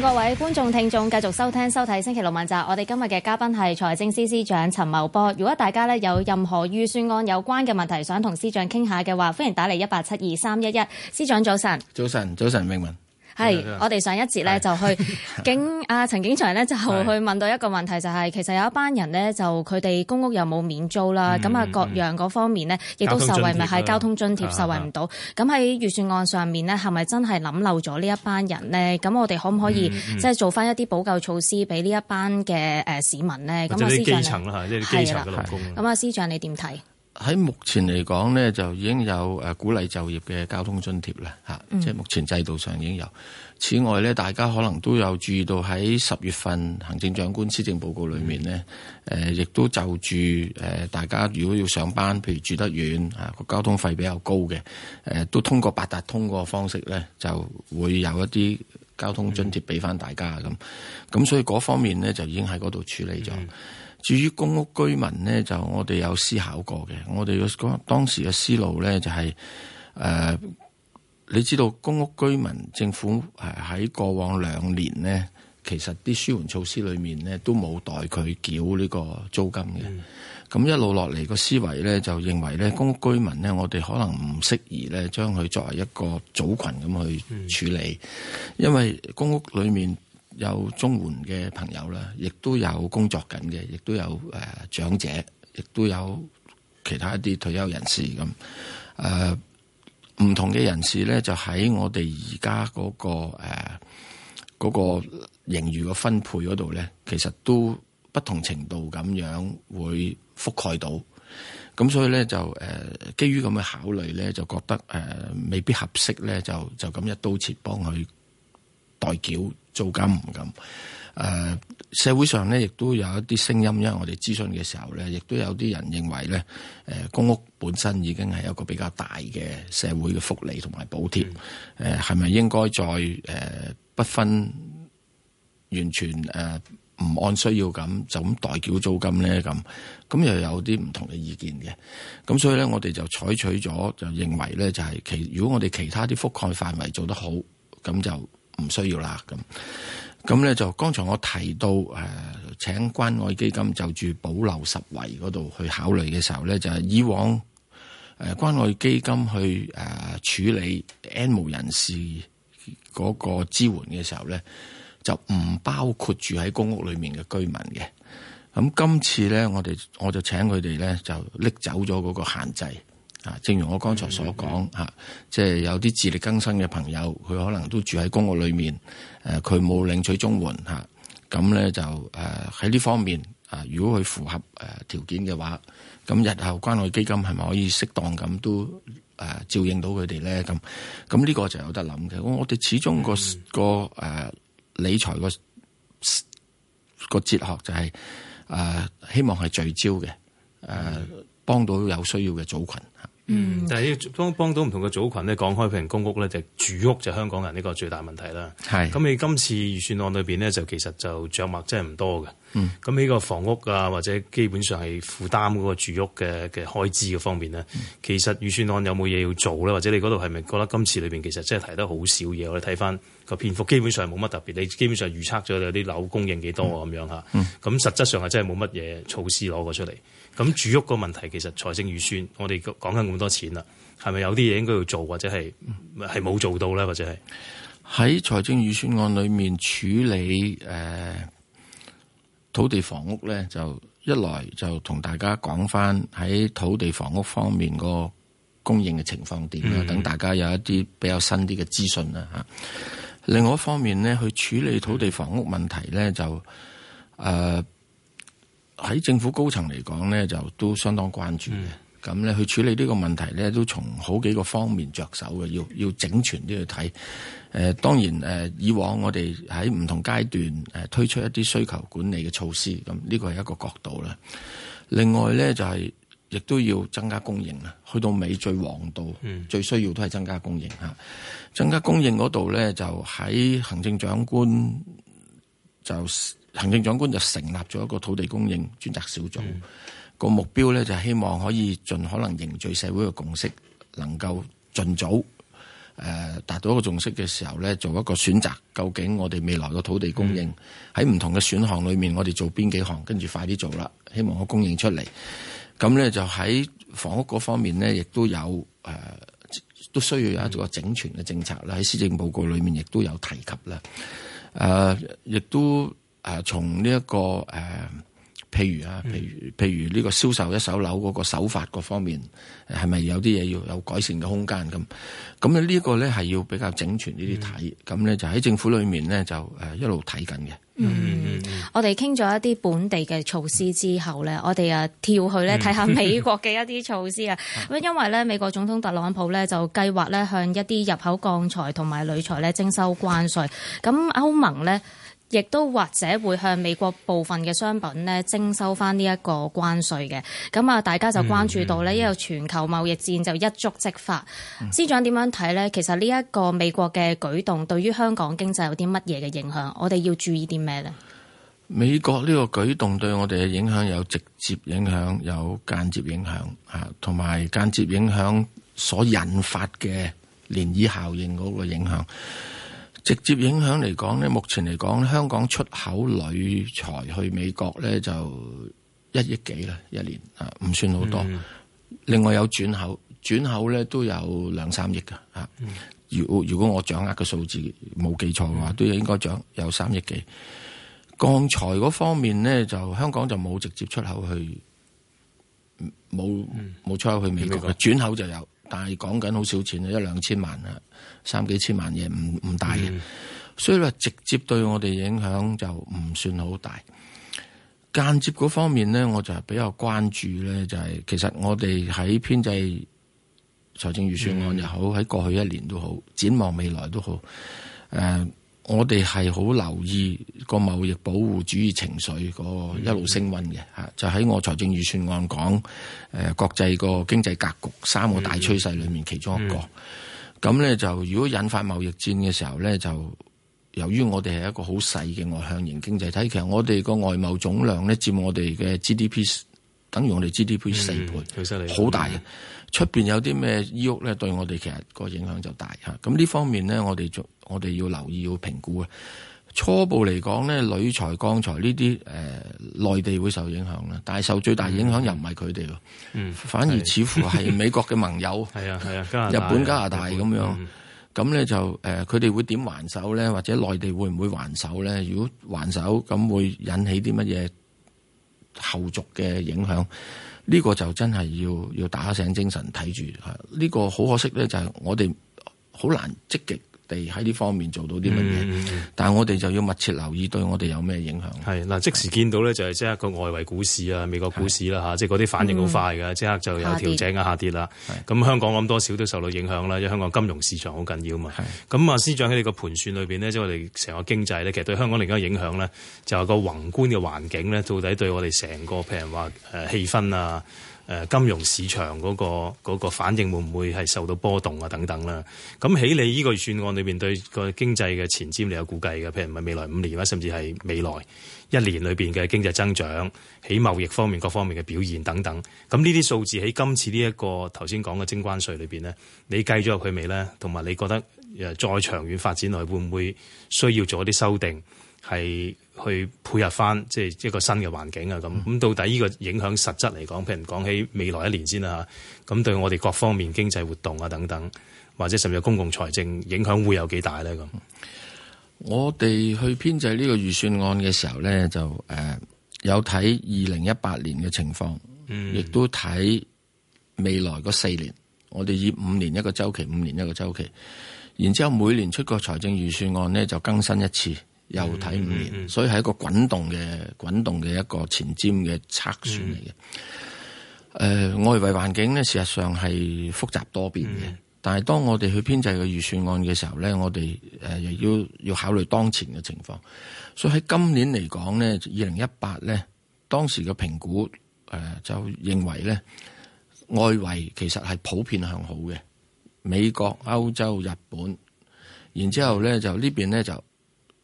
各位觀眾、聽眾，繼續收聽、收睇《星期六晚集》。我哋今日嘅嘉賓係財政司司長陳茂波。如果大家咧有任何預算案有關嘅問題，想同司長傾下嘅話，歡迎打嚟一八七二三一一。司長早晨，早晨，早晨，詠雯。係，我哋上一節咧就去警，阿陳景祥咧就去問到一個問題，就是，就係其實有一班人咧就佢哋公屋又冇免租啦，咁啊各樣嗰方面咧，嗯，亦都受惠，咪係交通津貼受惠唔到。咁喺預算案上面咧，係咪真係諗漏咗呢一班人咧？咁我哋可唔可以即係，嗯嗯，做翻一啲補救措施俾呢一班嘅、誒市民咧？咁，就，啊，是，司長層即係基層咁啊，司長你點睇？喺目前嚟講咧，就已經有鼓勵就業嘅交通津貼啦、嗯，即係目前制度上已經有。此外咧，大家可能都有注意到喺十月份行政長官施政報告裏面咧，亦、嗯呃、都就住、呃、大家如果要上班，譬如住得遠、啊、交通費比較高嘅、呃，都通過八達通個方式咧，就會有一啲交通津貼俾翻大家咁。咁、嗯、所以嗰方面咧就已經喺嗰度處理咗。嗯至於公屋居民咧，就我哋有思考過嘅。我哋嘅當時嘅思路咧、就係，就係誒，你知道公屋居民政府喺過往兩年咧，其實啲舒緩措施裏面咧，都冇代佢繳呢個租金嘅。咁、嗯、一路落嚟個思維咧，就認為咧，公屋居民咧，我哋可能唔適宜咧，將佢作為一個組群咁去處理，嗯、因為公屋裏面，有中援嘅朋友啦，亦都有工作緊嘅，亦都有誒、呃、長者，亦都有其他一啲退休人士。咁誒唔同嘅人士咧，就喺我哋而家嗰個誒嗰、呃那個盈餘嘅分配嗰度咧，其實都不同程度咁樣會覆蓋到。咁所以咧就誒、呃、基於咁嘅考慮咧，就覺得誒、呃、未必合適咧，就就咁一刀切幫佢代繳租金咁，誒、啊、社會上咧亦都有一啲聲音，因為我哋諮詢嘅時候咧，亦都有啲人認為咧，誒、呃、公屋本身已經係一個比較大嘅社會嘅福利同埋補貼，誒係咪應該再誒、呃、不分完全誒唔、呃、按需要咁就咁代繳租金咧？咁咁又有啲唔同嘅意見嘅，咁所以咧我哋就採取咗，就認為咧就係、是、其如果我哋其他啲覆蓋範圍做得好，咁就。唔需要啦，咁咁咧，就剛才我提到誒請關愛基金就住保留十圍嗰度去考慮嘅時候咧，就係、是、以往誒關愛基金去誒處理 N 無人士嗰個支援嘅時候咧，就唔包括住喺公屋裏面嘅居民嘅。咁今次咧，我哋我就請佢哋咧就拎走咗嗰個限制。啊，正如我剛才所講，吓，即係有啲自力更生嘅朋友，佢可能都住喺公屋裏面，誒，佢冇領取綜援吓，咁咧就誒喺呢方面，啊，如果佢符合誒條件嘅話，咁日後關愛基金係咪可以適當咁都誒照應到佢哋咧？咁，咁呢個就有得諗嘅。我我哋始終個個誒理財個個哲學就係、是、誒、啊、希望係聚焦嘅，誒、啊、幫到有需要嘅組群。嗯，但係要幫幫到唔同嘅組群咧，講開平公屋咧，就係、住屋就香港人呢個最大問題啦。係。咁你今次預算案裏面咧，就其實就著墨真係唔多嘅。咁、嗯、呢個房屋啊，或者基本上係負擔嗰個住屋嘅嘅開支嘅方面咧、嗯，其實預算案有冇嘢要做咧？或者你嗰度係咪覺得今次裏面其實真係提得好少嘢？我哋睇翻個篇幅，基本上係冇乜特別。你基本上預測咗有啲樓供應幾多咁、嗯、樣吓，咁、嗯、實質上係真係冇乜嘢措施攞過出嚟。咁住屋嗰個問題，其實財政預算，我哋講緊咁多錢啦，係咪有啲嘢應該要做，或者係係冇做到咧，或者係喺財政預算案裏面處理、呃、土地房屋咧，就一來就同大家講翻喺土地房屋方面個供應嘅情況點啦，等、嗯嗯、大家有一啲比較新啲嘅資訊啦嚇。另外一方面咧，去處理土地房屋問題咧，就誒。呃喺政府高層嚟講咧，就都相當關注嘅。咁咧，去處理呢個問題咧，都從好幾個方面着手嘅，要要整全啲去睇。誒，當然誒，以往我哋喺唔同階段誒推出一啲需求管理嘅措施，咁呢個係一個角度啦。另外咧，就是，就係亦都要增加供應啦。去到尾最王道，嗯、最需要都係增加供應吓。增加供應嗰度咧，就喺行政長官就。行政長官就成立咗一個土地供應專責小組，嗯，那個目標咧就是、希望可以盡可能凝聚社會嘅共識，能夠盡早誒達、呃、到一個共識嘅時候咧，做一個選擇。究竟我哋未來嘅土地供應喺唔、嗯、同嘅選項裏面，我哋做邊幾項跟住快啲做啦。希望我供應出嚟。咁咧就喺房屋嗰方面呢，亦都有誒、呃、都需要有一個整全嘅政策啦。喺施政報告裏面亦都有提及啦。誒、呃，亦都。誒、啊，從呢、這、一個誒、呃，譬如啊，譬如譬如呢個銷售一手樓嗰個手法各方面，係咪有啲嘢要有改善嘅空間咁？咁咧呢個咧係要比較整全呢啲睇，咁、嗯、咧就喺政府裏面呢，就誒一路睇緊嘅。嗯，我哋傾咗一啲本地嘅措施之後咧，我哋啊跳去咧睇下美國嘅一啲措施啊。咁、嗯、 <laughs> 因為咧美國總統特朗普咧就計劃咧向一啲入口鋼材同埋鋁材咧徵收關稅，咁歐盟咧。亦都或者會向美國部分嘅商品咧徵收返呢一個關稅嘅，咁啊大家就關注到呢一個全球貿易戰就一觸即發。司、嗯、長點樣睇呢？其實呢一個美國嘅舉動對於香港經濟有啲乜嘢嘅影響？我哋要注意啲咩呢？美國呢個舉動對我哋嘅影響有直接影響，有間接影響啊，同埋間接影響所引發嘅漣漪效應嗰個影響。直接影響嚟講呢，目前嚟講，香港出口鋁材去美國呢，就一億幾啦一年，啊唔算好多、嗯。另外有轉口，轉口呢都有兩三億噶、嗯，如果如果我掌握嘅數字冇記錯嘅話、嗯，都有應該有三億幾。鋼材嗰方面呢，就香港就冇直接出口去，冇冇、嗯、出口去美國嘅轉口就有，但係講緊好少錢，一兩千萬。三幾千萬嘢唔唔大嘅，所以話直接對我哋影響就唔算好大。間接嗰方面咧，我就係比較關注咧、就是，就係其實我哋喺編製財政預算案又好，喺過去一年都好，展望未來都好。誒、呃，我哋係好留意個貿易保護主義情緒個一路升溫嘅吓，就喺我財政預算案講誒、呃，國際個經濟格局三個大趨勢裏面其中一個。嗯嗯咁咧就如果引發貿易戰嘅時候咧，就由於我哋係一個好細嘅外向型經濟體，其實我哋個外貿總量咧佔我哋嘅 GDP 等於我哋 GDP 四倍，好犀利，好、嗯、大嘅。出、嗯、面有啲咩抑屋咧，對我哋其實個影響就大嚇。咁呢方面咧，我哋仲我哋要留意要評估。初步嚟講咧，鋁材、鋼材呢啲誒，內地會受影響啦。但係受最大影響又唔係佢哋，反而似乎係美國嘅盟友，係啊係啊，日本、加拿大咁樣。咁咧就誒，佢哋、呃、會點還手咧？或者內地會唔會還手咧？如果還手，咁會引起啲乜嘢後續嘅影響？呢、呢個就真係要要打醒精神睇住。呢、呢個好可惜咧，就係我哋好難積極。地喺呢方面做到啲乜嘢？但係我哋就要密切留意對我哋有咩影響。係嗱，即時見到咧，就係即係一個外圍股市啊、美國股市啦嚇，即係嗰啲反應好快嘅，即刻就有調整啊，下跌啦。咁香港咁多少都受到影響啦，因為香港金融市場好緊要嘛。咁啊，司長喺你個盤算裏邊呢，即係我哋成個經濟咧，其實對香港另一個影響咧，就係個宏觀嘅環境咧，到底對我哋成個譬如話誒氣氛啊。誒金融市場嗰個嗰個反應會唔會係受到波動啊等等啦？咁喺你呢個預算案裏邊對個經濟嘅前瞻你有估計嘅，譬如唔係未來五年啦，甚至係未來一年裏邊嘅經濟增長，喺貿易方面各方面嘅表現等等。咁呢啲數字喺今次呢一個頭先講嘅徵關稅裏邊咧，你計咗入去未咧？同埋你覺得誒再長遠發展落去會唔會需要做一啲修訂係？去配合翻即係一個新嘅環境啊！咁、嗯、咁到底呢個影響實質嚟講，譬如講起未來一年先啦，咁對我哋各方面經濟活動啊等等，或者甚至公共財政影響會有幾大咧咁？我哋去編制呢個預算案嘅時候咧，就誒有睇二零一八年嘅情況，亦、嗯、都睇未來嗰四年。我哋以五年一個周期，五年一個周期，然之後每年出個財政預算案咧，就更新一次。又睇五年，所以係一個滾動嘅滾動嘅一個前瞻嘅測算嚟嘅。誒、嗯呃，外圍環境咧，事實上係複雜多變嘅、嗯。但係當我哋去編製個預算案嘅時候咧，我哋誒、呃、又要要考慮當前嘅情況。所以喺今年嚟講咧，二零一八咧當時嘅評估誒、呃、就認為咧外圍其實係普遍向好嘅，美國、歐洲、日本，然之後咧就這邊呢邊咧就。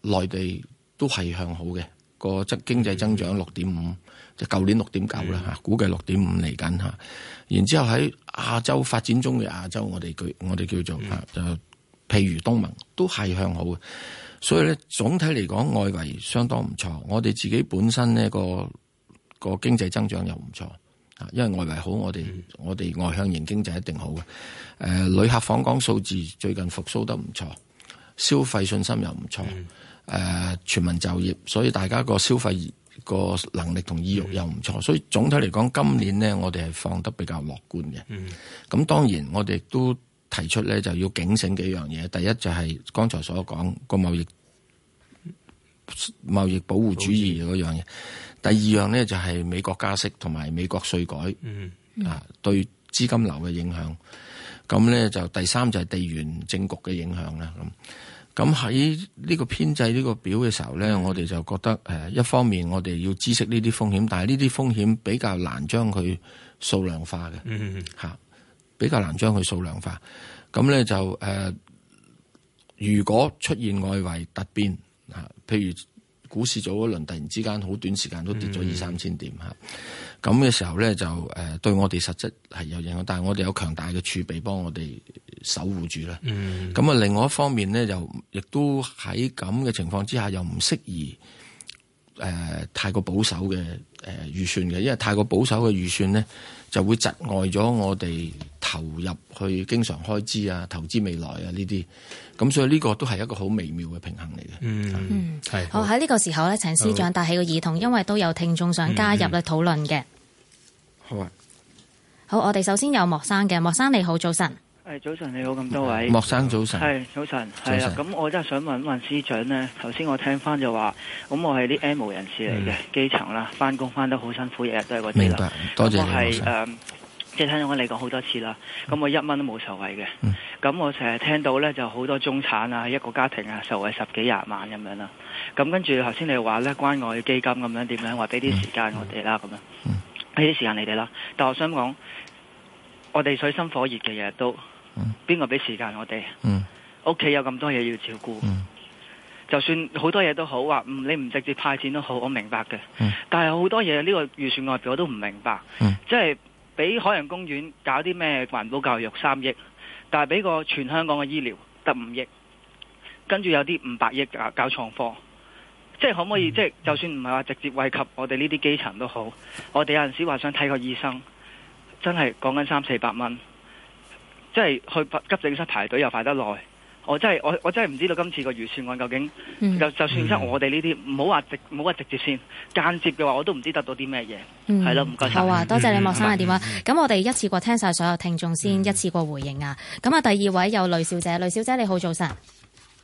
內地都係向好嘅，個增經濟增長六點五，就舊年六點九啦嚇，估計六點五嚟緊嚇。然之後喺亞洲發展中嘅亞洲，我哋叫我哋叫做嚇就、嗯、譬如東盟都係向好嘅。所以咧，總體嚟講，外圍相當唔錯。我哋自己本身呢個個經濟增長又唔錯，因為外圍好，我哋、嗯、我哋外向型經濟一定好嘅、呃。旅客訪港數字最近復甦得唔錯，消費信心又唔錯。嗯嗯誒、呃、全民就業，所以大家個消費個能力同意欲又唔錯、嗯，所以總體嚟講，今年呢，我哋係放得比較樂觀嘅。嗯，咁當然我哋都提出呢，就要警醒幾樣嘢。第一就係剛才所講個貿易貿易保護主義嗰樣嘢。第二樣呢，就係、是、美國加息同埋美國稅改。嗯嗯、啊對資金流嘅影響。咁呢，就第三就係地緣政局嘅影響啦。咁咁喺呢個編製呢個表嘅時候咧，我哋就覺得誒一方面我哋要知識呢啲風險，但係呢啲風險比較難將佢數量化嘅，吓比較難將佢數量化。咁咧就、呃、如果出現外圍突變吓，譬如，股市早一輪突然之間好短時間都跌咗二三千點吓，咁、嗯、嘅時候咧就，誒對我哋實質係有影響，但係我哋有強大嘅儲備幫我哋守護住咧。咁、嗯、啊，另外一方面咧，又亦都喺咁嘅情況之下，又唔適宜。誒、呃，太過保守嘅，誒預算嘅，因為太過保守嘅預算呢，就會窒礙咗我哋投入去經常開支啊、投資未來啊呢啲，咁所以呢個都係一個好微妙嘅平衡嚟嘅。嗯，係、嗯。好喺呢個時候呢，請司長帶起個耳筒，因為都有聽眾想加入去討論嘅。好啊。好，我哋首先有莫生嘅，莫生你好，早晨。早晨，你好，咁多位，莫生早晨，係早晨，係啦，咁我真係想問一問司長呢。頭先我聽翻就話，咁我係啲 M 人士嚟嘅，嗯，基層，啦，翻工翻得好辛苦，日日都係嗰啲啦。明白，多謝我你。係即係聽咗你講好多次啦。咁，嗯，我一蚊都冇受惠嘅。咁，嗯，我成日聽到呢，就好多中產啊，一個家庭啊，受惠十幾廿萬咁樣啦。咁跟住頭先你話呢，關愛基金咁樣點樣，話俾啲時間我哋啦，咁，嗯，樣俾啲時間你哋啦，嗯。但我想講，我哋水深火熱嘅嘢都。邊個俾時間我哋？屋、嗯、企有咁多嘢要照顧、嗯，就算好多嘢都好話，嗯，你唔直接派錢都好，我明白嘅、嗯。但係好多嘢呢個預算外表我都唔明白，即係俾海洋公園搞啲咩環保教育三億，但係俾個全香港嘅醫療得五億，跟住有啲五百億搞搞創科，即係、就是、可唔可以？即、嗯、係、就是、就算唔係話直接惠及我哋呢啲基層都好，我哋有陣時話想睇個醫生，真係講緊三四百蚊。即係去急症室排隊又排得耐，我真係我我真係唔知道今次個預算案究竟就、嗯、就算出我哋呢啲唔好話直唔好話直接先間接嘅話，我都唔知得到啲咩嘢。係啦，唔該曬。好啊，多謝你莫生嘅電話。咁、嗯嗯、我哋一次過聽晒所有聽眾先、嗯、一次過回應啊。咁啊，第二位有雷小姐，雷小姐，你好早晨。誒、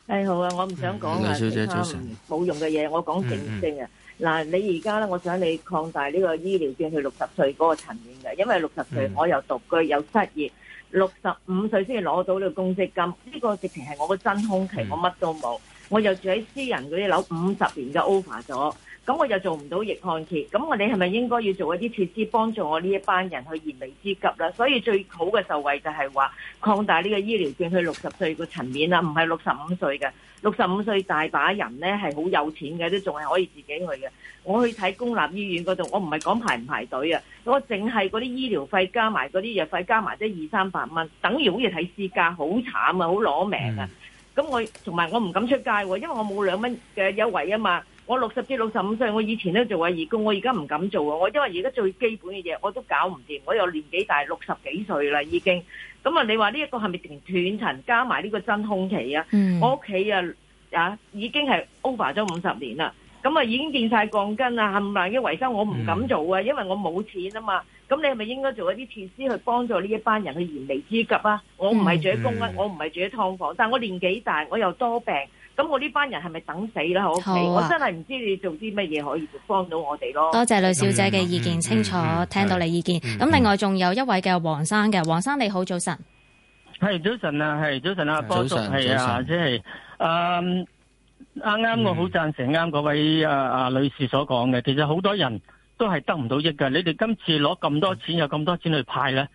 哎、好啊，我唔想講啊其他冇用嘅嘢，我講正正啊。嗱、嗯嗯，你而家咧，我想你擴大呢個醫療券去六十歲嗰個層面嘅，因為六十歲、嗯、我又獨居有失業。六十五歲先攞到呢個公積金。呢個直情係我個真空期，我乜都冇，我又住喺私人嗰啲樓五十年嘅 over 咗。咁我又做唔到疫控期，咁我哋係咪應該要做一啲設施幫助我呢一班人去燃眉之急啦？所以最好嘅受惠就係話擴大呢個醫療券去六十歲個層面啦，唔係六十五歲嘅。六十五歲大把人咧係好有錢嘅，都仲係可以自己去嘅。我去睇公立醫院嗰度，我唔係講排唔排隊啊，我淨係嗰啲醫療費加埋嗰啲藥費加埋即二三百蚊，等於好似睇私家，好慘啊，好攞命啊！咁我同埋我唔敢出街喎，因為我冇兩蚊嘅優惠啊嘛。我六十至六十五歲，我以前都做過義工，我而家唔敢做啊！我因為而家最基本嘅嘢，我都搞唔掂，我又年紀大，六十幾歲啦已經了。咁啊，你話呢一個係咪斷層加埋呢個真空期啊？嗯、我屋企啊啊，已經係 over 咗五十年啦。咁啊，已經變晒鋼筋啊，冚唥嘅維修我唔敢做啊，嗯、因為我冇錢啊嘛。咁你係咪應該做一啲設施去幫助呢一班人去燃眉之急啊？我唔係住喺公屋，嗯，我唔係住喺劏房，但我年紀大，我又多病。咁我呢班人係咪等死啦？好，我真係唔知你做啲乜嘢可以幫到我哋咯。多謝女小姐嘅意見，清楚聽到你意見。咁另外仲有一位嘅黃生嘅，黃生你好早晨。係早晨啊，係早晨啊，多謝主持人。係啊，即係啱啱我好讚成啱嗰位啊啊女士所講嘅，其實好多人都係得唔到益噶。你哋今次攞咁多錢，有咁多錢去派咧，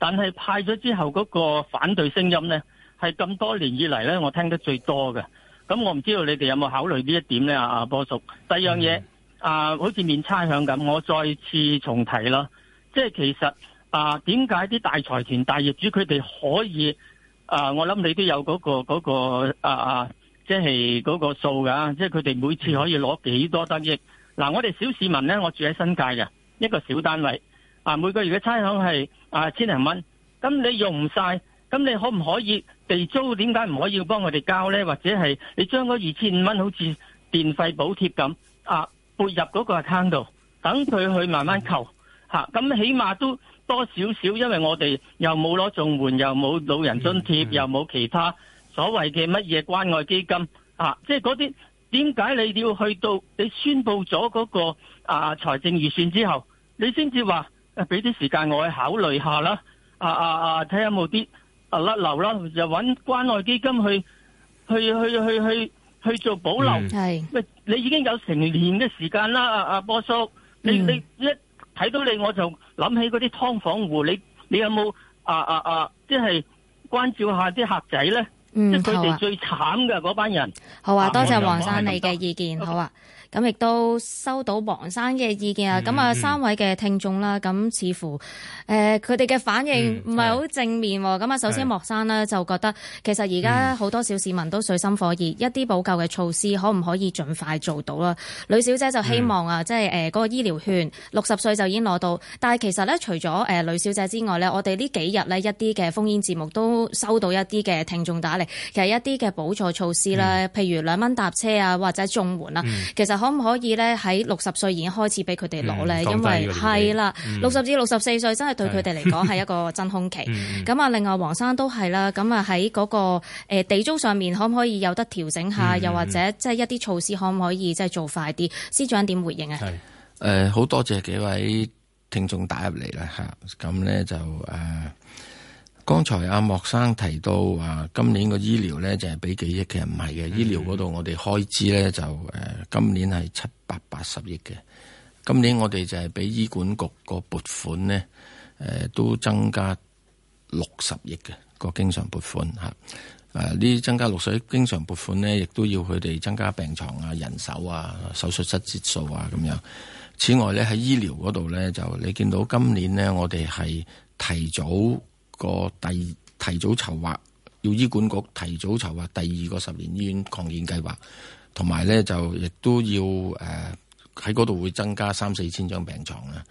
但係派咗之後嗰個反對聲音咧，係咁多年以嚟咧，我聽得最多嘅。咁我唔知道你哋有冇考慮呢一點咧，阿、啊、阿波叔。第二樣嘢、嗯、啊，好似免差餉咁，我再次重提啦。即係其實啊，點解啲大財團、大業主佢哋可以啊？我諗你都有嗰、嗰個嗰、嗰個啊啊，即係嗰個數㗎、啊。即係佢哋每次可以攞幾多得益？嗱、啊，我哋小市民咧，我住喺新界嘅一個小單位啊，每個月嘅差餉係啊千零蚊，咁你用唔曬？咁你可唔可以地租？點解唔可以幫我哋交呢？或者係你將嗰二千五蚊好似電費補貼咁啊，撥入嗰個 account 度，等佢去慢慢扣嚇。咁、嗯啊、起碼都多少少，因為我哋又冇攞綜援，又冇老人津貼，嗯、又冇其他所謂嘅乜嘢關愛基金嚇。即係嗰啲點解你要去到你宣布咗嗰、嗰個啊財政預算之後，你先至話誒俾啲時間我去考慮下啦。啊啊啊！睇、啊、下有冇啲。啊甩樓啦，就揾關愛基金去去去去去去做保留。係、嗯，喂，你已經有成年嘅時間啦，阿、啊、阿、啊、波叔，你、嗯、你一睇到你我就諗起嗰啲劏房戶，你你有冇啊，啊啊啊，即、就、係、是、關照下啲客仔咧、嗯，即係佢哋最慘嘅嗰班人。好啊，多謝黃生你嘅意見、啊。好啊。咁亦都收到王生嘅意見啊！咁、嗯、啊，三位嘅聽眾啦，咁、嗯、似乎誒佢哋嘅反應唔係好正面喎。咁、嗯、啊，首先莫生咧就覺得其實而家好多小市民都水深火熱、嗯，一啲補救嘅措施可唔可以盡快做到啦？呂小姐就希望啊、嗯，即係誒嗰個醫療券六十歲就已經攞到，但係其實咧，除咗誒呂小姐之外咧，我哋呢幾日咧一啲嘅烽煙節目都收到一啲嘅聽眾打嚟，其實一啲嘅補助措施啦、嗯，譬如兩蚊搭車啊，或者綜援啦，其實。可唔可以咧喺六十歲已經開始俾佢哋攞咧？因為係啦，六十、嗯、至六十四歲真係對佢哋嚟講係一個真空期。咁啊， <laughs> 另外黃生都係啦。咁啊喺嗰個地租上面，可唔可以有得調整下、嗯？又或者即係一啲措施，可唔可以即係做快啲、嗯？司長點回應啊？係誒，好、呃、多謝幾位聽眾打入嚟啦嚇。咁、嗯、咧就誒。呃剛才阿莫生提到啊，今年個醫療咧就係俾幾億嘅。唔係嘅，醫療嗰度我哋開支咧就誒，今年係、呃、七百八,八十億嘅。今年我哋就係俾醫管局個撥款咧，誒、呃、都增加六十億嘅個經常撥款吓。誒、啊、呢增加六十億經常撥款咧,亦都要佢哋增加病床啊、人手啊、手術室節數啊咁樣。此外咧喺醫療嗰度咧就你見到今年咧我哋係提早。個第提早籌劃，要醫管局提早籌劃第二個十年醫院擴建計劃，同埋咧就亦都要誒喺嗰度會增加三四千張病床啦。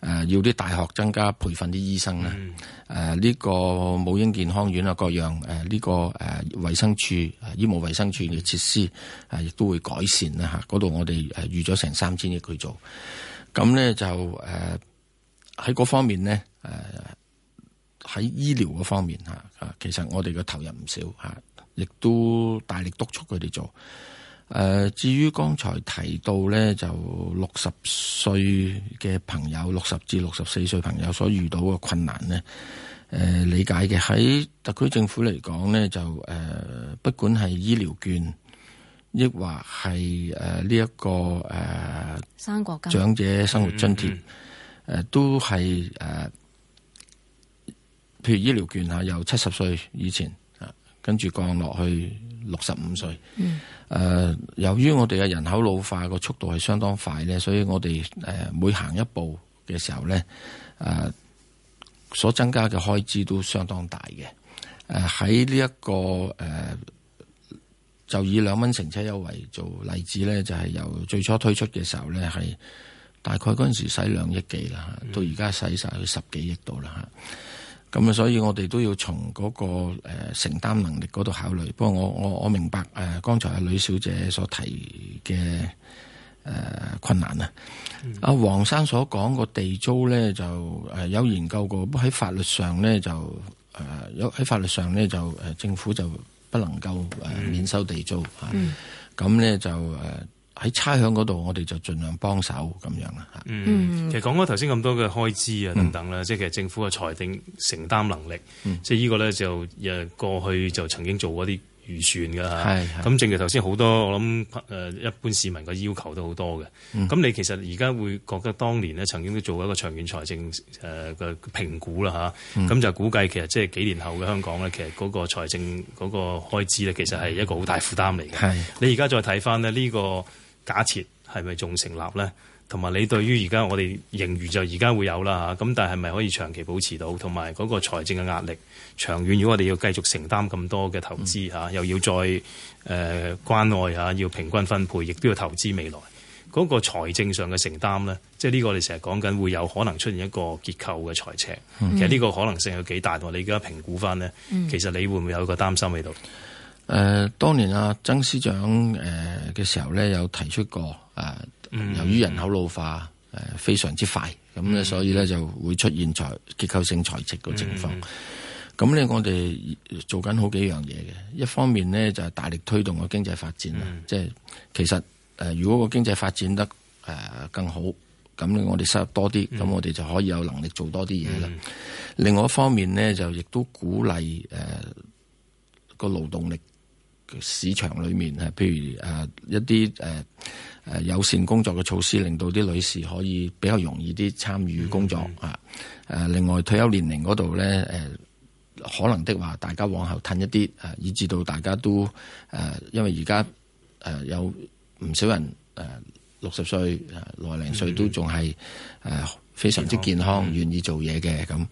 誒、呃，要啲大學增加培訓啲醫生啦。誒、嗯、呢、呃這個母嬰健康院啊，各樣誒呢、呃這個誒衛、呃、生署、呃、醫務衛生署嘅設施誒亦、呃、都會改善啦。吓、啊，嗰度我哋誒預咗成三千億去做，咁咧就誒喺嗰方面咧誒。呃喺醫療嗰方面吓，其實我哋嘅投入唔少吓，亦都大力督促佢哋做。誒、呃，至於剛才提到咧，就六十歲嘅朋友，六十至六十四歲嘅朋友所遇到嘅困難咧，誒、呃，理解嘅喺特區政府嚟講咧，就誒、呃，不管係醫療券，亦或係誒呢一個誒、呃，長者生活津貼，誒、嗯嗯呃，都係誒。呃譬如醫療券啊，由七十歲以前啊，跟住降落去六十五歲。誒、嗯呃，由於我哋嘅人口老化個速度係相當快咧，所以我哋誒、呃、每行一步嘅時候咧，誒、呃、所增加嘅開支都相當大嘅。誒喺呢一個誒、呃，就以兩蚊乘車優惠做例子咧，就係、是、由最初推出嘅時候咧，係大概嗰陣時使兩億幾啦，到而家使晒去十幾億度啦嚇。啊咁啊，所以我哋都要從嗰個承擔能力嗰度考慮。不過我，我我我明白誒、呃，剛才阿女小姐所提嘅誒困難啊，阿黃生所講個地租咧就誒、呃、有研究過，喺法律上咧就誒有喺法律上咧就誒、呃、政府就不能夠誒、呃、免收地租嚇。咁、啊、咧、嗯、就誒。呃喺差餉嗰度，我哋就盡量幫手咁樣啦嚇。嗯，其實講開頭先咁多嘅開支啊等等啦、嗯，即係其實政府嘅財政承擔能力，嗯、即係呢個咧就誒過去就曾經做過啲預算嘅嚇。係、嗯。咁正如頭先好多我諗誒一般市民嘅要求都好多嘅。嗯。咁你其實而家會覺得當年咧曾經都做過一個長遠財政誒嘅評估啦嚇。咁、嗯、就估計其實即係幾年後嘅香港呢，其實嗰個財政嗰個開支咧，其實係一個好大負擔嚟嘅。係、嗯。你而家再睇翻咧呢個。假設係咪仲成立呢？同埋你對於而家我哋盈餘就而家會有啦，咁但係咪可以長期保持到？同埋嗰個財政嘅壓力，長遠如果我哋要繼續承擔咁多嘅投資、嗯、又要再誒、呃、關愛，要平均分配，亦都要投資未來嗰、嗰個財政上嘅承擔呢，即係呢個我哋成日講緊會有可能出現一個結構嘅財赤，嗯、其實呢個可能性有幾大同你而家評估翻呢，其實你會唔會有一個擔心喺度？誒、呃，當年阿、啊、曾司長誒嘅、呃、時候咧，有提出過，誒、呃嗯，由於人口老化誒、呃、非常之快，咁、嗯、咧、嗯、所以咧就會出現財結構性財值嘅情況。咁、嗯、咧我哋做緊好幾樣嘢嘅，一方面呢，就係、是、大力推動個經濟發展，嗯、即係其實誒、呃、如果個經濟發展得誒、呃、更好，咁我哋收入多啲，咁、嗯、我哋就可以有能力做多啲嘢啦。另外一方面呢，就亦都鼓勵誒個勞動力。市場裏面誒，譬如誒一啲誒誒友善工作嘅措施，令到啲女士可以比較容易啲參與工作嚇。誒、嗯、另外退休年齡嗰度咧誒，可能的話大家往後褪一啲誒，以至到大家都誒，因為而家誒有唔少人誒六十歲誒來零歲都仲係誒非常之健，健康，願意做嘢嘅咁。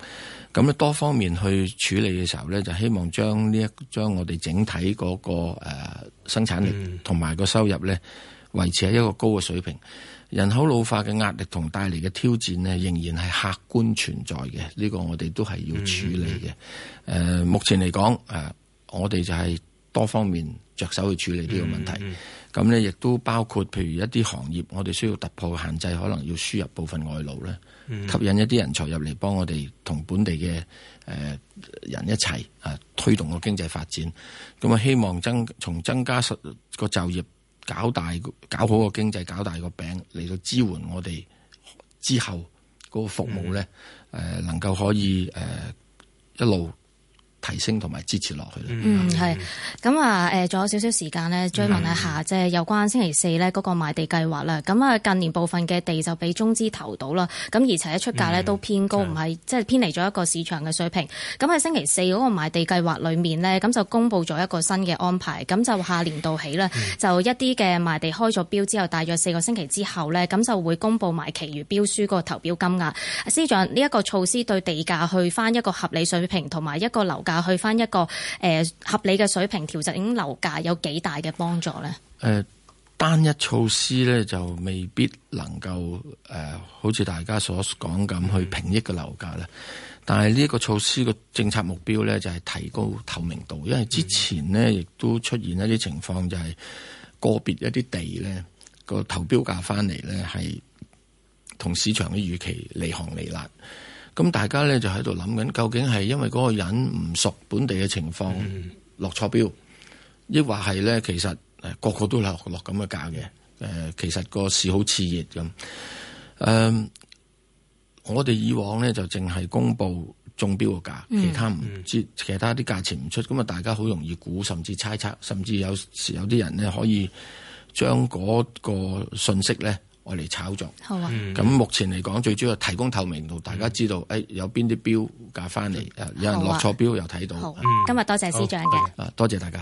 咁咧多方面去處理嘅時候咧，就希望將呢一將我哋整體嗰，那個誒，呃，生產力同埋個收入咧，維持喺一個高嘅水平。人口老化嘅壓力同帶嚟嘅挑戰咧，仍然係客觀存在嘅。呢，這個我哋都係要處理嘅。誒，呃，目前嚟講誒，我哋就係多方面着手去處理呢個問題，咁咧，亦都包括譬如一啲行業，我哋需要突破嘅限制，可能要輸入部分外勞咧。吸引一啲人才入嚟，幫我哋同本地嘅誒人一齊啊，推動個經濟發展。咁啊，希望增從增加個就業，搞大搞好個經濟，搞大個餅嚟到支援我哋之後個服務咧，誒能夠可以誒一路。提升同埋支持落去。嗯，係，咁啊，誒，仲有少少時間咧，追問一下，即係有關星期四咧嗰個賣地計劃啦。咁啊，近年部分嘅地就俾中資投到啦。咁而且出價咧都偏高，唔、嗯、係即係偏離咗一個市場嘅水平。咁喺星期四嗰個賣地計劃裏面咧，咁就公布咗一個新嘅安排。咁就下年度起咧，就一啲嘅賣地開咗標之後，大約四個星期之後咧，咁就會公布埋其餘標書個投標金額。司長呢一、這個措施對地價去翻一個合理水平同埋一個樓價。啊，去翻一個誒、呃、合理嘅水平，調整樓價有幾大嘅幫助咧？誒、呃，單一措施咧就未必能夠誒、呃，好似大家所講咁去平抑嘅樓價咧、嗯。但係呢一個措施嘅政策目標咧，就係、是、提高透明度，因為之前呢，亦都出現一啲情況，就係、是、個別一啲地咧個投標價翻嚟咧係同市場嘅預期離行離列。咁大家咧就喺度諗緊，究竟係因為嗰個人唔熟本地嘅情況、嗯、落錯標，抑或係咧其實誒個個都落落咁嘅價嘅、呃？其實個市好熾熱咁。我哋以往咧就淨係公布中標嘅價、嗯，其他唔知其他啲價錢唔出，咁啊大家好容易估，甚至猜測，甚至有時有啲人咧可以將嗰個信息咧，我嚟炒作，咁目前嚟講最主要提供透明度，大家知道誒有邊啲標價返嚟，有人落錯標又睇到。好啊、好，今日多謝司長嘅，多謝大家。